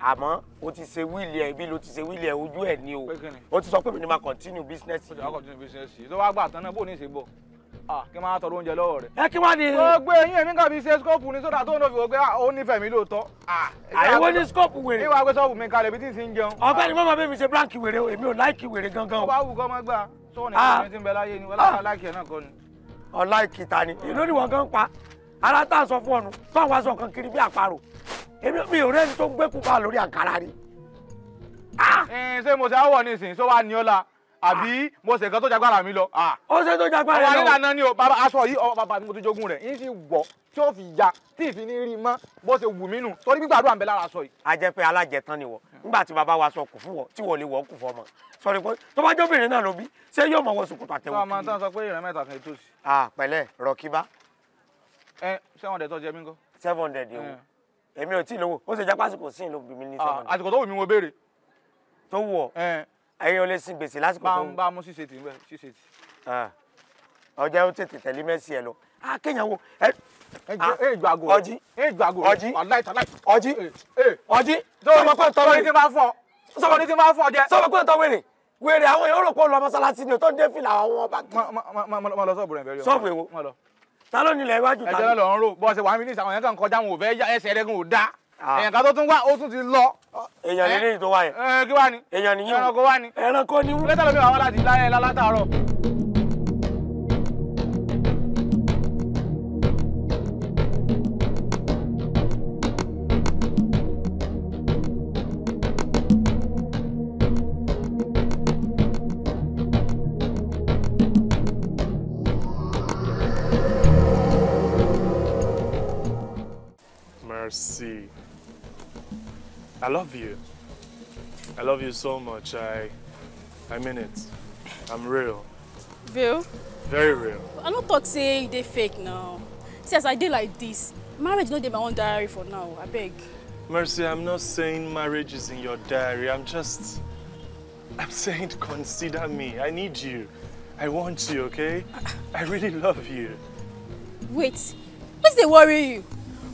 àmọ́ o ti ṣe wíìlì ẹ̀ bí lo ti ṣe wíìlì ẹ̀ ojú ẹ̀ ni o o ti sọ pé mi ni ma continue business yìí. o ti ma continue business yìí tó wá gbà tán náà bó ní ṣe bọ̀ kí n máa tọrọ oúnjẹ lọ́wọ́ rẹ̀. ẹ kí wọ́n ní. gbogbo eyín èmi kàn fi ṣe skóòpù ní sódà tó ń lọ fi wò pé ó nífẹ̀ẹ́ mi lóòótọ́. àyẹ̀wò ní skóòpù wèrè. ìwà pé sọ́ọ̀bù mi kalẹ̀ bí tí n ti ń jẹun. ọ̀gbẹ́ni mọ́mọ́ bẹ́ẹ̀ mi ṣe blank wèrè o èmi ò láìkì wèrè gangan o. ó bá wù kọ́ máa gbà sọ́ọ̀nì kí ah. ni ti ń bẹ láyé ni wọ́n láìkì ẹ̀ náà kọ́ ni. ọ̀láìkì ta ni ìlú ni wọ́n gan pa ara tá à ń sọ fún ọnu tó àwọn aṣọ kan kiri bí àparò èmi mi ò rẹ́ni tó ń gbé kúpa lórí àkàrà ni. ṣé mo ṣe àwọ̀ ní ìsìn tó wà ní ọ̀la àbí mo ṣe nǹkan tó jagbára mi lọ. ó ṣe tó jagbára lọ. àwọn arílànà ni o bàbá aṣọ yìí ọmọ bàbá mi mo ti jogún rẹ̀ yín sì wọ̀ tí ó fi ya tí ì fi ní rí mọ́ bó ṣe wù mí nù torí gbígbàdúrà ń bẹ lára aṣọ yìí. a jẹ pé alájẹtán ni wọ nígbà tí bàbá wa sọ kù fún wọ tí wọlé wọ kù fún ọmọ sọrí pé tó bá jọbìnrin náà ló bí ṣé yóò mọ wọ sòkòtò àtẹwò. sọ ma tán sọ pé ìrìn kan ètò sí. pẹ̀lẹ́ rọkíbá Eh, seven hundred tó jẹ mí ńkọ́. seven hundred yìí eh. èmi ò tí ì lówó ó ṣe jápá àsìkò sí ìlú mi ní ah, seven hundred. àsìkò tó wù mí mo béèrè. tó wù ọ eh. ẹyin ò lè sin gbèsè lásìkò tó wù. bá a mú ṣíṣe tì ń bẹ ṣíṣe ọjà ó tètè tẹ̀lé mẹ́sì ẹ lọ a ah, kéèyàn wo ẹ jago ah, ọjí jago ọjí ọjí ọjí sọmọ pé ntọ́ wèrè sọmọ ní kí n máa fọ jẹ sọmọ pé ntọ́ wèrè wèrè àwọn èèyàn rò pé olùwà mọ́sálásí ni o tó ń dé fìlà àwọn ọba. má lọ sọ́ọ̀bù rẹ̀ bẹ́ẹ̀ rí ọ ta ni nílẹ̀ iwájú ta. ẹjọ́ lọ ń rò bọ́ọ̀sì wàá mi ní ìsàwọn yẹn kàn kọjá wọn ò fẹ́ yá ẹsẹ̀ rẹ̀ kò dá ah. èèyàn kan tó tún wá ó tún ti lọ. èèyàn ní ní ìtò wa yẹn. kí wá ni. èèyàn ní yín o ẹranko wá ni. ẹranko ni wú. lẹ́tà lómi àwọn aláàtì láyé látàárọ̀. I love you. I love you so much. I, I mean it. I'm real. Real? Very real. I don't talk say fake now. See as I did like this, marriage not in my own diary for now. I beg. Mercy, I'm not saying marriage is in your diary. I'm just, I'm saying consider me. I need you. I want you, okay? I really love you. Wait, what's they worry you?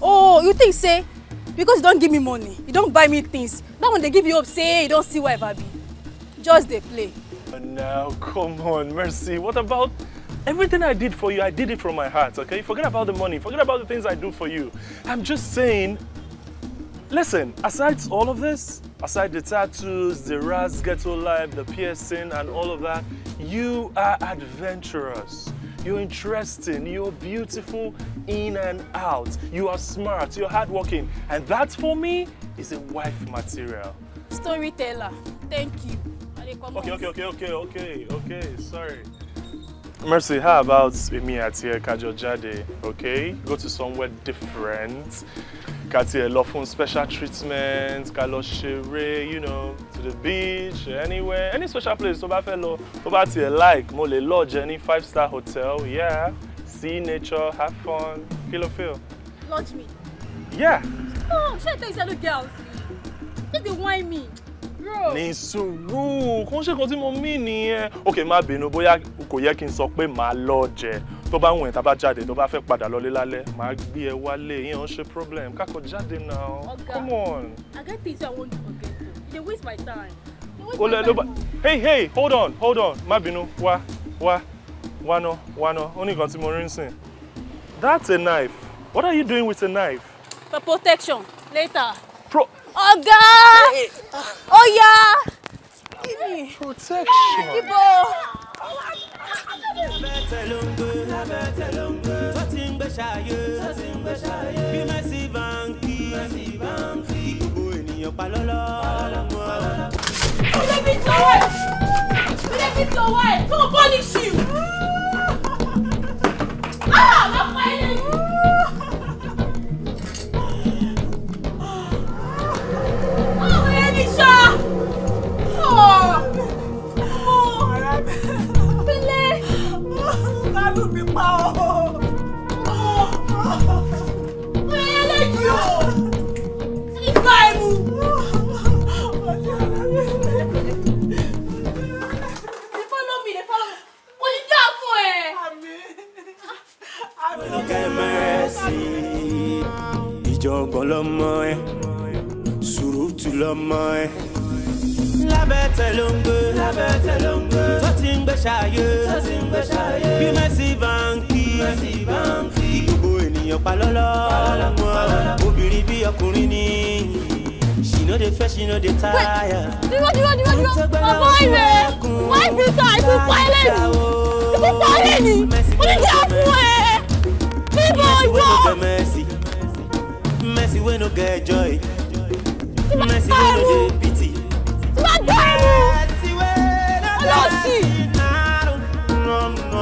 Oh, you think say because you don't give me money you don't buy me things that one they give you up, say you don't see where i be just they play. Oh, now come on mercy what about everything i did for you i did it from my heart okay forget about the money forget about the things i do for you i'm just saying listen aside all of this aside the tattoos the ras ghetto life the piercing and all of that you are adventurous you're interesting, you're beautiful in and out. You are smart, you're hardworking. And that for me is a wife material. Storyteller, thank you. Okay, okay, okay, okay, okay, okay, sorry. Mercy, how about Emi Atie Kajojade, okay? Go to somewhere different. ká tiẹ̀ lọ fún special treatment ká lọ ṣeré you know to the beach anywhere any special place tó bá fẹ́ lọ tó bá tiẹ̀ like mo lè lodge ní five star hotel yeah see nature have fun kí ló feel. lodge me. yeah. oh ṣé ètò ìṣẹ́lú girls ṣé dey whine me. ní sùúrù kò ń ṣe kan tí mo mí nìyẹn ok má bínú bóyá kò yẹ kí n sọ pé màá lodge tó bá wọ̀n ẹ̀ tá bá jáde tó bá fẹ́ padà lọlé lálẹ́ màá gbé ẹ wálé yín ọ̀n ṣe problem kákò jáde now come on. I get things I forget you dey waste my time. o ló bá hey hey hold on hold on má bínú wá wá wá ná wá ná ó ní nǹkan tí mo rí ń sìn that's a knife what are you doing with a knife. for protection later. pro. ọ̀gá ọ̀ya. give me. protection lábẹ́tẹ̀ ló ń gbé lábẹ́tẹ̀ ló ń gbé tó ti ń gbé ṣáyé tó ti ń gbé ṣáyé bí Oh! dùn mí pa ọ́. ẹlẹ́yìí o ìgbà ẹ̀mú. follow me, follow me. kò ní dá fún ẹ. ọlọ́kẹ́ mẹ́rẹ̀ẹ́sì ìjọ̀gbọ́n lọ́mọ ẹ sùúrù lọ́mọ ẹ. lábẹ́ tẹ̀ ló ń gbé lábẹ́ tẹ̀ ló ń gbé ṣayé bí mẹ́sì báńkì kí gbogbo ènìyàn pa lọ́lọ́ obìnrin bí ọkùnrin ni she no dey fair she no dey tire. dúró dúró dúró dúró bàbá ìwé wáyé bíkà ìtú pàìlẹ̀ ni ìtú pàìlẹ̀ ni oníṣẹ́ àfún ẹ̀ bíbọ̀ ọjọ́. Mercy wey no get joy. Mercy wey no dey pity. Mercy wey no dey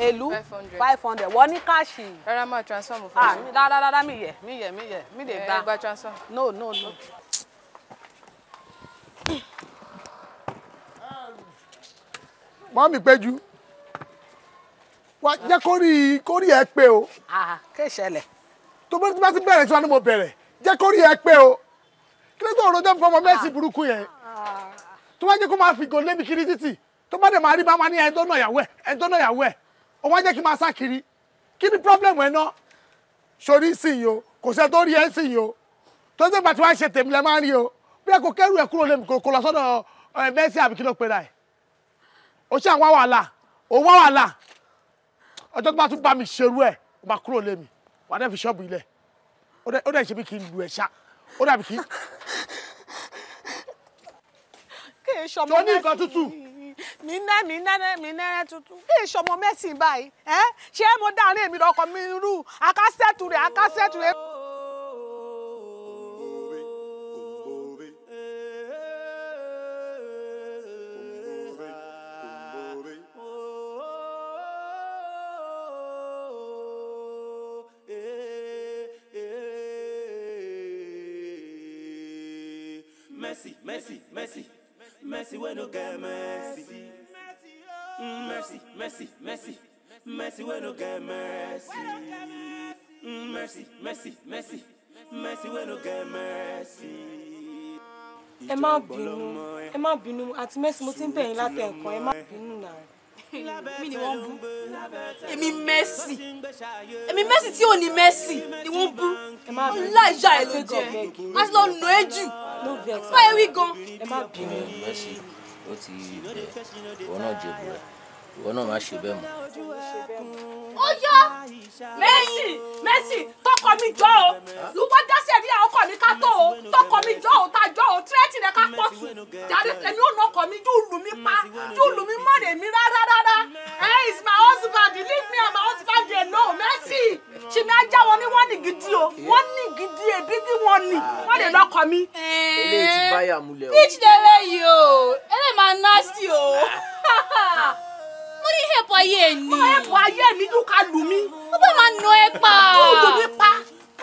èlú five hundred wọ́n ní káàṣì. rárá máa transfer mo fún ah, mi. rárá rárá mi yẹ mi yẹ mi yẹ mi lè eh, gba. ẹ gba transfer. no no no. mọ́mí péjú wá jẹ́ kórìí kórìí ẹ pé o. Ah, kí ìṣẹ̀lẹ̀. tó bá ti bẹ̀rẹ̀ tí wọ́n ní mo bẹ̀rẹ̀ jẹ́ kórìí ẹ pé o kí ló tó ọ̀rọ̀ jẹ́ fọmọ mẹ́sì ah. burúkú yẹn tó bá jẹ́ kó máa fi gòlé mi kiri títì tó bá dẹ̀ máa rí bá máa ní ẹ̀ńtọ́ náà yàwó ẹ̀ ẹ̀ńtọ́ náà yàwó ẹ̀ ó wá jẹ́ kí n máa sá kiri kí ni problem ẹ̀ náà sori sí yìí o kò sẹ́ tó rí ẹ̀ sí yìí o tó ń tẹ́gbà tí wàá ṣe tèmi lẹ́ máa ń rí o bí ẹ kò kẹ́rù ẹ̀ kúrò lẹ́nu kò lọ sọ́dọ̀ ẹ̀ mẹ́sì àbí kí ló pe ra ẹ̀ o ṣe àwọn wàhálà òun wá wàhálà ọjọ́ tó bá tún bá mi ṣerú ẹ̀ o máa kúrò lẹ́mi wà á dẹ́ fi ṣọ́ọ̀bù ilẹ̀ ó dẹ̀ ṣe bí kí n lu ẹ̀ ṣá ó dàbí kí. kí n ṣọmọ mẹ́sì yìí mi ná mi ná mi ná tuntun kí n ṣọmọ mẹ́sìn báyìí ṣé mo dáhùn èmi lọkọ mi rú akásẹ́tù rẹ̀ akásẹ́tù rẹ̀. mercy we no get mercy. Mm, mercy, mercy, mercy, mercy we no get mercy. Ẹ má bínú, ẹ má bínú, àti Mercy mo ti ń bẹ̀ yín láti ẹ má bínú náà. Mi ni wọ́n bú. Èmi Mercy. Èmi Mercy tí ò ní Mercy ni wọ́n bú. Ọlá ìyá ẹ̀ ló jẹ. A ti lọ nà é jù. Báyọ̀ wí gan. Ẹ má bínú. Mercy ó ti bẹ̀, òun náà jẹ̀bù rẹ̀ ìwọ náà má ṣe bẹ́ẹ̀ mọ́. ó yọ Mercy Mercy tọkọ mi jọ o lùwọ́ dáṣẹ́ rí àwọn ọkọ mi ká tó o tọkọ mi jọ o ta jọ o tírẹ́tì rẹ ká pọ̀ tù jàre èmi ò nọkọ mi jù lù mí pa jù lù mí mọ́ rèmi rárá rárá ẹ is my husband leave me and my husband dey know Mercy ṣìmí ajá wọn ní wọ́n ní gidi o wọ́n ní gidi ebi tí wọ́n ní wọ́n lè lọ́kọ mi. eléyìí ti báyà múlẹ̀ o. pitch lè rẹ̀ yìí o eléyìí máa nasty o. wouldn't help ayé ẹ ni. wọ́n help ayé mi yóò ká lù mí. ó bá máa nà ẹ pa.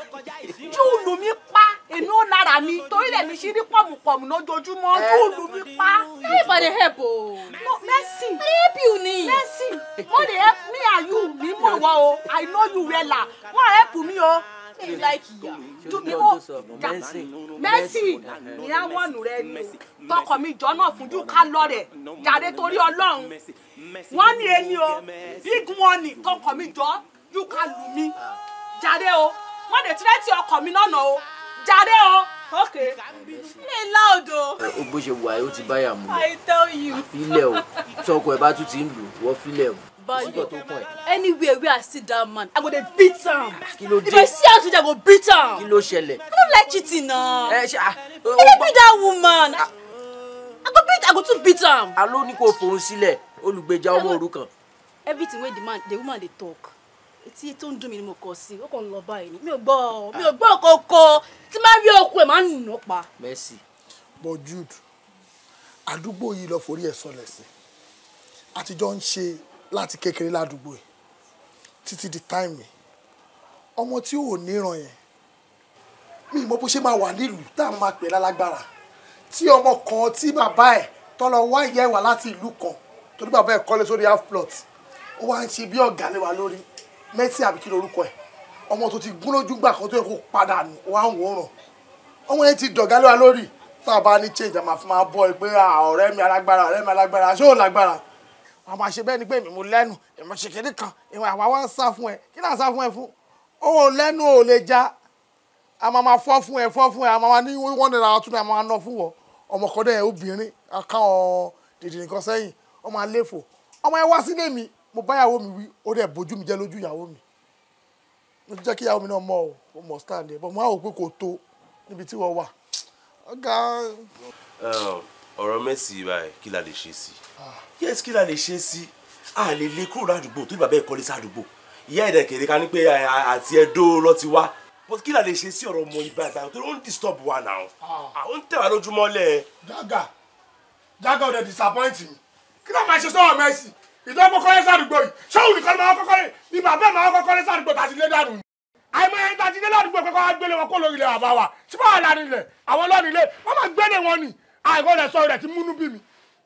yóò lù mí pa yóò lù mí pa èmi ò lára mi torí lèmi ṣe ní pọ̀mùpọ̀mù lójoojúmọ́ yóò lù mí pa. help but they help o. Oh. no mercy. I help you ni. mercy. wọ́n dey help me and you mi mọ̀ wá o I know you wella wọ́n help me o mi like ìyá dúbíwò mẹ́sì ìyáwọ̀nù rẹ ni tọkọ mi jọ náà fún jù ká lọ rẹ̀ jàre torí ọlọ́run wọ́n ní ẹni o big money tọkọ mi jọ jù ká lù mí jàre o wọ́n lè tírẹ́tì ọkọ mi lọ́nà o jàre o ok ilé ńlá odò. o bó ṣe wà ó ti báyà mú ilé o tọkọ ẹ bá tún ti ń lù wọ́n fílẹ̀ o báyìí anywhere where I see that man I go dey beat him. if I see am today I go beat him. I don't like cheating na ẹ eh, ṣe ah beat that woman ah. I go beat I go too beat am. alo ko kò fòun Olu olùgbèjà ọmọ òrukàn. everything where the man the woman they talk It's it ń do me no mo kọ sí ó kàn lọ báyìí ni Me ò gbọ́ Me ò gbọ́ koko. tí máa rí ọkọ ẹ̀ no pa. Mercy. but Jude àdúgbò yìí lọ forí ẹ̀ sọlẹ̀ sí àtijọ́ ń ṣe láti kékeré ládùúgbò yìí títí di táìmì ọmọ tí ò níran yẹn mi mọ bó ṣe máa wà nílùú tá a máa pè lálágbára tí ọmọ kan tí bàbá ẹ̀ tọ́lọ wá ìyá ẹ̀ wá láti ìlú kan torí bàbá ẹ̀ kọ́lé sórí half plot ó wá ń ṣe bí ọ̀gá lé wa lórí mẹ́tì àbí kí lorúkọ ẹ̀ ọmọ tó ti gún lójú gbà kan tó yẹ kó padà nù wá ń wòran ọmọ yẹn ti dọ̀gá lé wa lórí tá a bá ní change àmàfin máa bọ́ ẹ pé ọ̀rẹ́ mi alágbára ọ̀rẹ́ mi alágbára ṣé ò lágbára wọn máa ṣe bẹ́ẹ̀ ni pé èmi mo lẹ́nu èmi ṣe kan ìwọ̀n àwa wá ń sá fún ẹ kí náà sá fún ẹ fún ó lẹ́nu ò lè já a máa máa fọ́ fún ẹ fọ́ fún ẹ a máa ní one hundred and two naira máa ná fún wọ ọmọkọ́dẹ́ ẹ obìnrin akáwọn dèdè nìkan sẹ́yìn ọmọ àléfò ọmọ ẹ wá sílé mi mo báyàwó mi wí ó dẹ̀ bójú mi jẹ́ lójú ìyàwó mi mo jẹ́ kí ìyàwó mi náà mọ̀ ọ́ mọ̀ stand ẹ̀ bọ́ mo á wò pé kò tó níbi tí wọ́n wà ọ̀rọ̀ Messi báyìí kí la lè ṣe sí i yes kí la lè ṣe sí a lè lè kúrò ládùúgbò tó bàbá ẹ̀ kọ́lé sádùúgbò ìyá ẹ̀dẹ̀ kèrè ká ní pé àti ẹ̀dọ́ lọ ti wá but kí la lè ṣe sí ọ̀rọ̀ ọmọ ibà ìgbà tó ń disturb wa náà àwọn ah. ń tẹ̀ wá lójúmọ́ lẹ̀. jaga jaga ọ̀dẹ̀ disappoint mi kí ló máa ṣe sọ́wọ́ mẹ́sì ìdánwò kọ́lé sádùúgbò yìí ṣọ́wù nìkan máa kọ́kọ́ lé ni bàbá ẹ̀ máa kọ́kọ́ lé sádùúgbò tàbí lé dànù yìí àìmọ ẹni tàbí lé ládùúgbò kọ́kọ́ wá gbélé wọn kó lórí ilẹ̀ bàbá wa tí wọ́n wà lárí ilẹ̀ àwọn lọ́ọ̀nì ilé wọ́n máa gbélé wọn ni àìkọ́ rẹ̀ sọ rẹ̀ ti múnú bí mi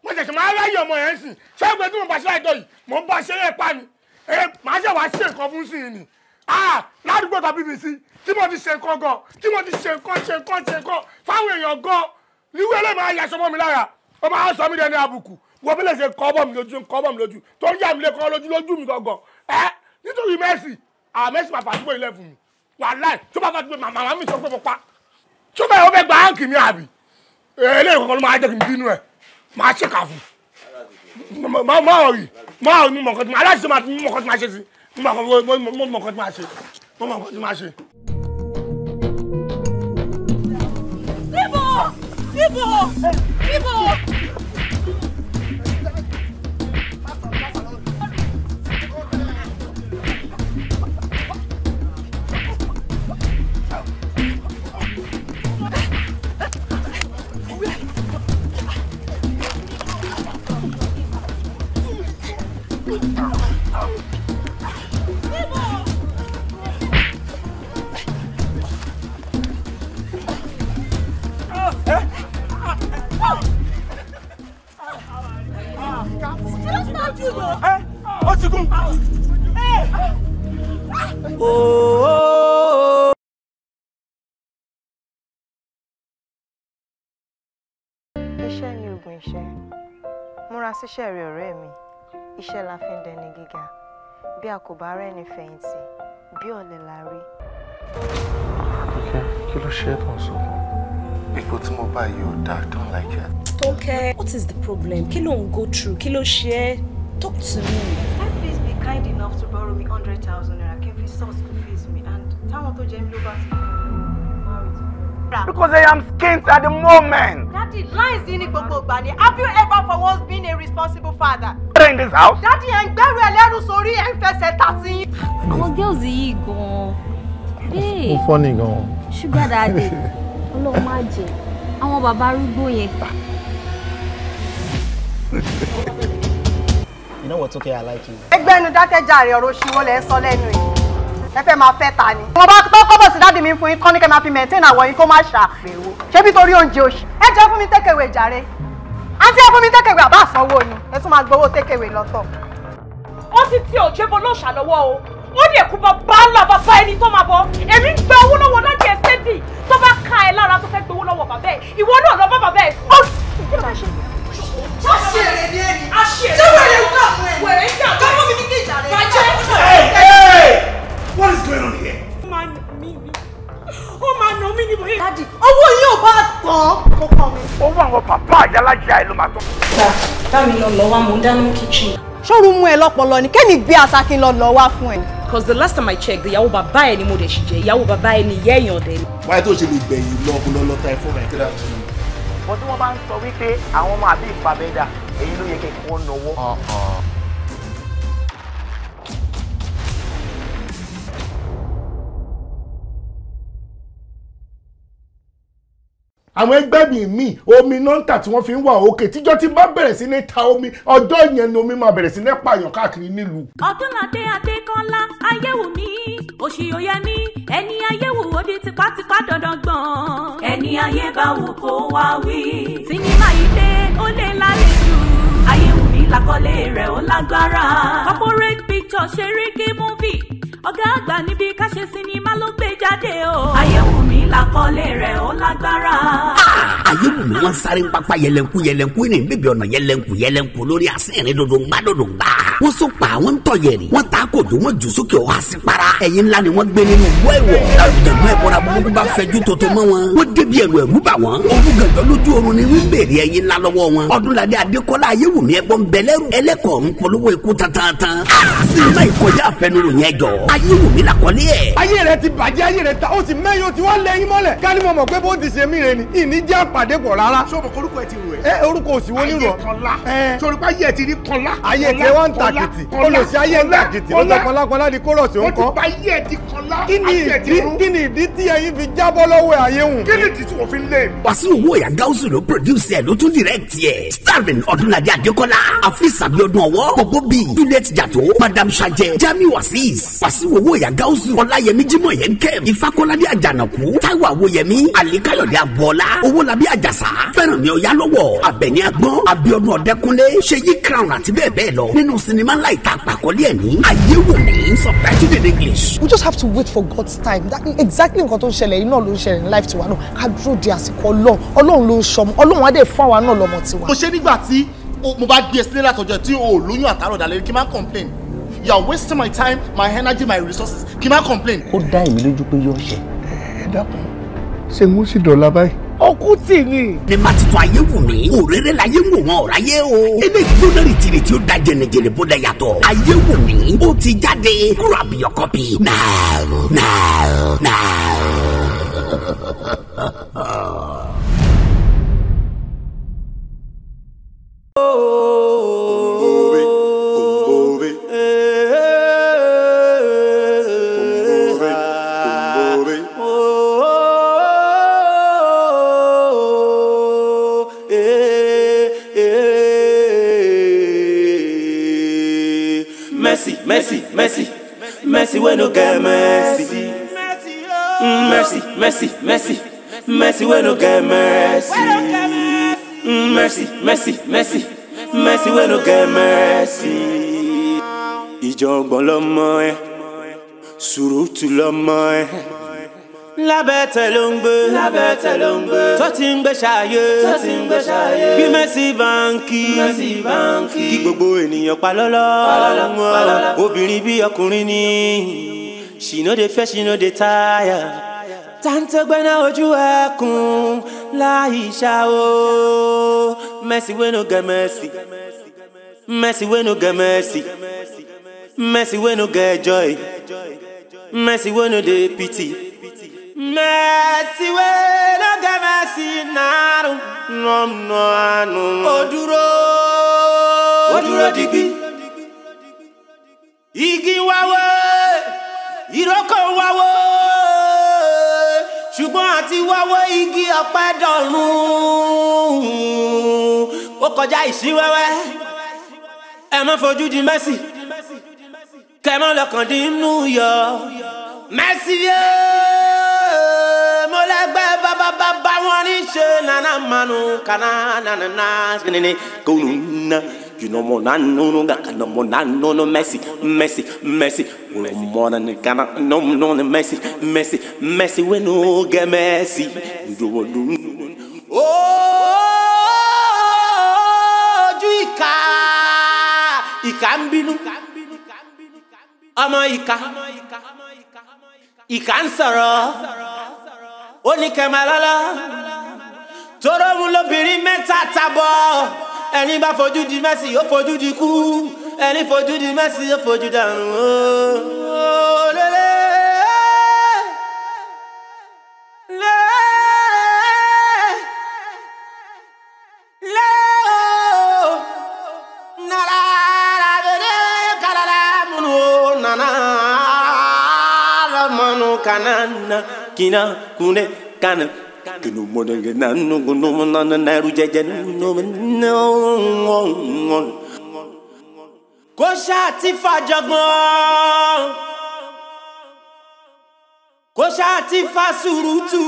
mo ṣẹ̀ṣẹ̀ máa ráyè ọmọ yẹn sìn ṣé ẹgbẹ́ tí mo bá ṣe láìdọ́ yìí mo ń bá ṣe é pa ni màá ṣe wá ṣe nǹkan fún sìn ni ládùúgbò ta bíbí sí tí mo ti ṣe nǹkan gan tí mo ti ṣe nǹkan ṣe nǹkan ṣe nǹkan fáwọn èèyàn gan níwé lè máa yàṣọ mọ́ mi lára ó máa sọ mí dẹni àbùkù wọ́n bí lè ṣe kọ́ bọ̀ mi lójú kọ́ bọ̀ mi lójú tó ń yà mí lé kọ́ lójú lójú mi gangan ẹ nítorí mẹ́sì àmẹ́sì bàbá àdúgbò ilẹ̀ fún mi wàláì tó bá fàdúgbò màmá mi sọ pé mo pa tó bẹ́ẹ̀ ó fẹ́ gba áǹkì mi àbí eléyìí kọ̀ọ̀kan ló máa jẹ́ kí n bínú ẹ̀ máa ṣe kà fún máa ò rí máa ò ní mọ̀kọ́ tí máa aláṣẹ máa ní mọ̀kọ́ tí máa ṣe sí mo mọ̀kọ́ tí máa ṣe mo mọ̀kọ́ tí máa ṣe. níbo níbo níbo. ẹ ó ti gún. iṣẹ́ ni oògùn ìṣẹ́ múra síṣẹ́ rẹ̀ ọ̀rẹ́ mi iṣẹ́ la fi ń dẹni gíga bí a kò bá rẹ́ni fẹ̀yìntì bí ọ̀lẹ la rí. kí ló ṣe é tó sọ ipò tí mo bá yí ò dáa don't like it. tókẹ́ what is the problem kí ló ń go through kí ló ṣe é Talk to me. Can you please be kind enough to borrow me 100,000 naira? Can you source to face me? And táwọn tó jẹ mí Because I am skint at the moment. Daddy, lies in gbogbo ìgbà ni. Have you ever for once been a responsible father? In this house. Daddy, I'm very, gbẹ́rù sorry. I'm ẹ̀ ń fẹsẹ̀ tà girls yìí gan-an. funny go? Sugar daddy, hello magic. I'm Àwọn bàbá arúgbó know what's okay I like you. ẹgbẹ́ inú dákẹ́jàre ọ̀rọ̀ ṣíwọ́ lẹ́ ń sọ lẹ́nu yìí ẹ fẹ́ máa fẹ́ ta ni. wọn bá tọ́ kọ́bọ̀ sí dáàdì mi fún yín kọ́ ní kẹ́ máa fi maintain àwọ̀ yín kó má ṣà. ṣébí torí oúnjẹ oṣù. ẹ jẹ́ fún mi tẹ́kẹ̀wé jàre. àǹtí ẹ fún mi tẹ́kẹ̀wé àbá àsanwó ni ẹ tún máa gbowó tẹ́kẹ̀wé lọ́tọ̀. ó sì ti òjebo ló ṣàlọ́wọ́ o ó lè kú bọ báàlà bàbá ẹni tó máa bọ èmi ń gba owó lọ́wọ́ lọ́dí ẹ̀ sẹ́dì tó bá ká ẹ lára tó fẹ́ gbowó lọ́wọ́ bàbá ẹ̀ ìwọ ṣàṣìrè What is going on here? ẹ ló ni kẹ́ni gbé asakin lọ lọ wá fún ẹ. because the last time I checked ìyàwó bàbá ẹ ni mo dẹ̀ ṣì jẹ́ ìyàwó bàbá ẹ ni ìyá èèyàn dẹ̀ ni. wáyé tó ṣe lè gbẹ̀yìn lọ kó lọ fún ẹ bọ́ tí wọ́n bá ń sọ wípé àwọn ọmọ àbí ìpàbẹ̀dà èyí ló yẹ kí wọ́n nọwọ́. àwọn ẹgbẹ́ mi mi omi nọ́ńtà tí wọ́n fi ń wà òkè tíjọ́ tí bá bẹ̀rẹ̀ sí ní ta omi ọjọ́ yẹn ni omi máa bẹ̀rẹ̀ sí ní pààyàn káàkiri nílùú. ọdúnládé adékọlá ayéwùmí òṣìyòyẹmí ẹni ayéwù òde tipátipá dandan gbọ̀n ẹni ayé bá wò kó wá wí. sinimá ilé ó lè lálejò. ayéwu mi lakọ́lé rẹ̀ ó lágbára. corporate picture Seriki movie ọ̀gá àgbà níbi ká ṣe sinimá ló gbé jáde o. ayéwu mi lakọ́lé rẹ̀ ó lágbára ayé wù mí wọ́n sáré pápá yẹlẹ̀nkú yẹlẹ̀nkú ní bíbí ọ̀nà yẹlẹ̀nkú yẹlẹ̀nkú lórí asẹ́rin dodo ńgbà dodo ńgbà. wọ́n sọ pa àwọn tọ̀ yẹ̀rì wọ́n ta kò jó wọ́n jù sókè ọ̀ àsìpara. ẹ̀yin ńlá ni wọ́n gbé nínú wọ́ ìwọ̀ lálùjẹ̀mọ́ ẹ̀bọ̀ra burúkú bá fẹjú tótó mọ́ wọn. wọ́n débi ẹ̀rù ẹ̀rù bà wọ́n. ojú gàngán lójú ni wọ́n béèrè ẹ̀yin ńlá lọ́wọ́ wọn. ọdúnladé adékọ́lá ayéwùmí ẹ̀bọ̀ ń bẹ̀lẹ́rù ẹlẹ́kọ̀ọ́ ń polówó ikú tantan. Ah, sinimá ìkọjá àfẹnurò yẹn jọ ayéwùmí làkọ́lé ẹ̀. ayé rẹ ti bàjẹ́ ayé rẹ ta ó ti mẹ́yìn ó ti wá ni ìníjà pàdé pọ̀ rárá. ṣé korúkọ ẹ ti rò ẹ. ẹ orúkọ òsì wo ni rọ. ayé kọlá sori pa ayé ẹ ti rí kọlá. ayé tẹ wá ń tàkìtì olùsí ayé ń tàkìtì lọ́jọ́ kọlákọlá ni kó rọ̀sì ń kọ́. wọ́n ti pa ayé ẹ ti kọlá. kí ni ìdí kí ni ìdí tí ẹyin fi jábọ́ lọ́wọ́ ayé hùn. kí ni ìdí tí wọ́n fi lé mi. Wasiu Owóyà Gáúsù ló produce ẹ ló tún direct ẹ àjàsà fẹ́ràn mi ọ̀yá lọ́wọ́ àbẹ̀ní àgbọ̀n abiodun ọ̀dẹ́kunlé ṣèyí crown àti bẹ́ẹ̀ bẹ́ẹ̀ lọ nínú sinimá ńlá ìta àpàkọ́lé ẹ̀ ayé wò ní subtitled in english. we just have to wait for god's time that exactly nǹkan tó ń ṣẹlẹ̀ iná ló ń ṣẹlẹ̀ ní life tiwa náà ká dúró di àsìkò ọlọ́run ọlọ́run ló ń ṣọmọ ọlọ́run adé fún àwa náà lọ́mọ tiwa. mo ṣe nígbà tí mo bá gbé ẹsẹ̀ e látọjọ́ tí o lóyún àtàrọ̀ dàlẹ́ kí n má complain you are wasting my time my energy my resources kí n má complain. ó dá èmi lójú pé yóò ṣe. ẹ dákun ṣé ń wọ́n sì dọ̀la báyìí ọkú tì ní. ní má ti tó ayé wù mí òréré la yé wò wọn ọ̀rá yé o. eléyìí gbóná rìtìrì tí ó da jẹnẹjẹnẹ bó da yàtọ̀ ayé wù mí ó ti jáde grab your copy now now now. mercy, mercy, mercy, we no get mercy. Mm, mercy, mercy, mercy, mercy, we no get mercy. Ìjọ̀ngbọ̀n lọmọ ẹ, sùrùtù lọmọ ẹ. Lábẹ́ tẹ̀ ló ń gbé. Lábẹ́ tẹ̀ ló ń gbé. Tó ti ń gbé ṣáyé. Tó ti ń gbé ṣáyé. Bí Mẹ́sì báńkì. Mẹ́sì báńkì. Kí gbogbo ènìyàn pa lọ́lọ́. Obìnrin bí ọkùnrin ni. She no dey fear, she no dey tire tantẹgbẹna ojú ẹkùn láì ṣá o Mercy wey no get mercy Mercy wey no get mercy Mercy wey no get joy Mercy wey no dey pity Mercy wey no get mercy naaru nọmnọ anu. ó dúró ó dúró digbí igi wáwo ìrókò wáwo ṣùgbọ́n àti wáwọ́ igi ọ̀pẹ dọ̀rùn ó kọjá ìṣíwẹ́wẹ́ ẹ má fojú di Messi kẹ mọ́ lọ́kàn dín nù yọ Messi yé mo lẹ́gbẹ́ bàbá bàbá wọn ní ṣe nana manu kana nana sinini kò nù nà junumu na nunu ga ka numu na nunu Messi Messi Messi wulomɔ na ni kana numu nunu Messi Messi Messi wenu gɛ Messi njowo dunu. ojú ìka ìka ń bínú oh ìka ìka ń sọ̀rọ̀ ó ní kẹmàlálá tóró mu lóbìnrin mẹ́ta tàbọ̀ ẹni bá fojú di mẹ́sì ó fojú di kú ẹni fojú di mẹ́sì ó fojú dànù ó lélẹ̀. Kana na kina kune kana kinu mɔdɛnkɛ nanu kunu nanu naru jɛjɛ nunu nɔnɔnɔn. kó ṣáàtì fàjọgbọ́n kó ṣáàtì fàṣùrùtù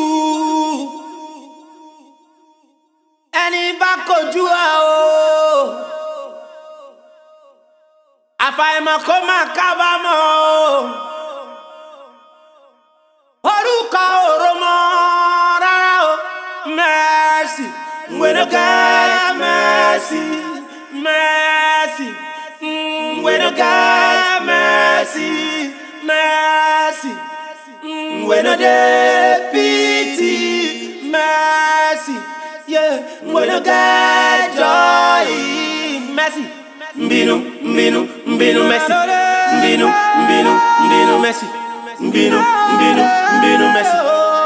ẹni bá kojú ẹ o àfàìmọ̀ kó má kábàámọ̀ orúkọ òròmọ́. oh God, mercy, mercy. Mm, when oh God, mercy, mercy. Mm, when oh God, pity, mercy. Yeah, when oh God, joy, mercy. Mbinu, mbinu, mbinu, mercy. Mbinu, mbinu, mbinu, mercy. Mbinu, mbinu, mbinu, mercy.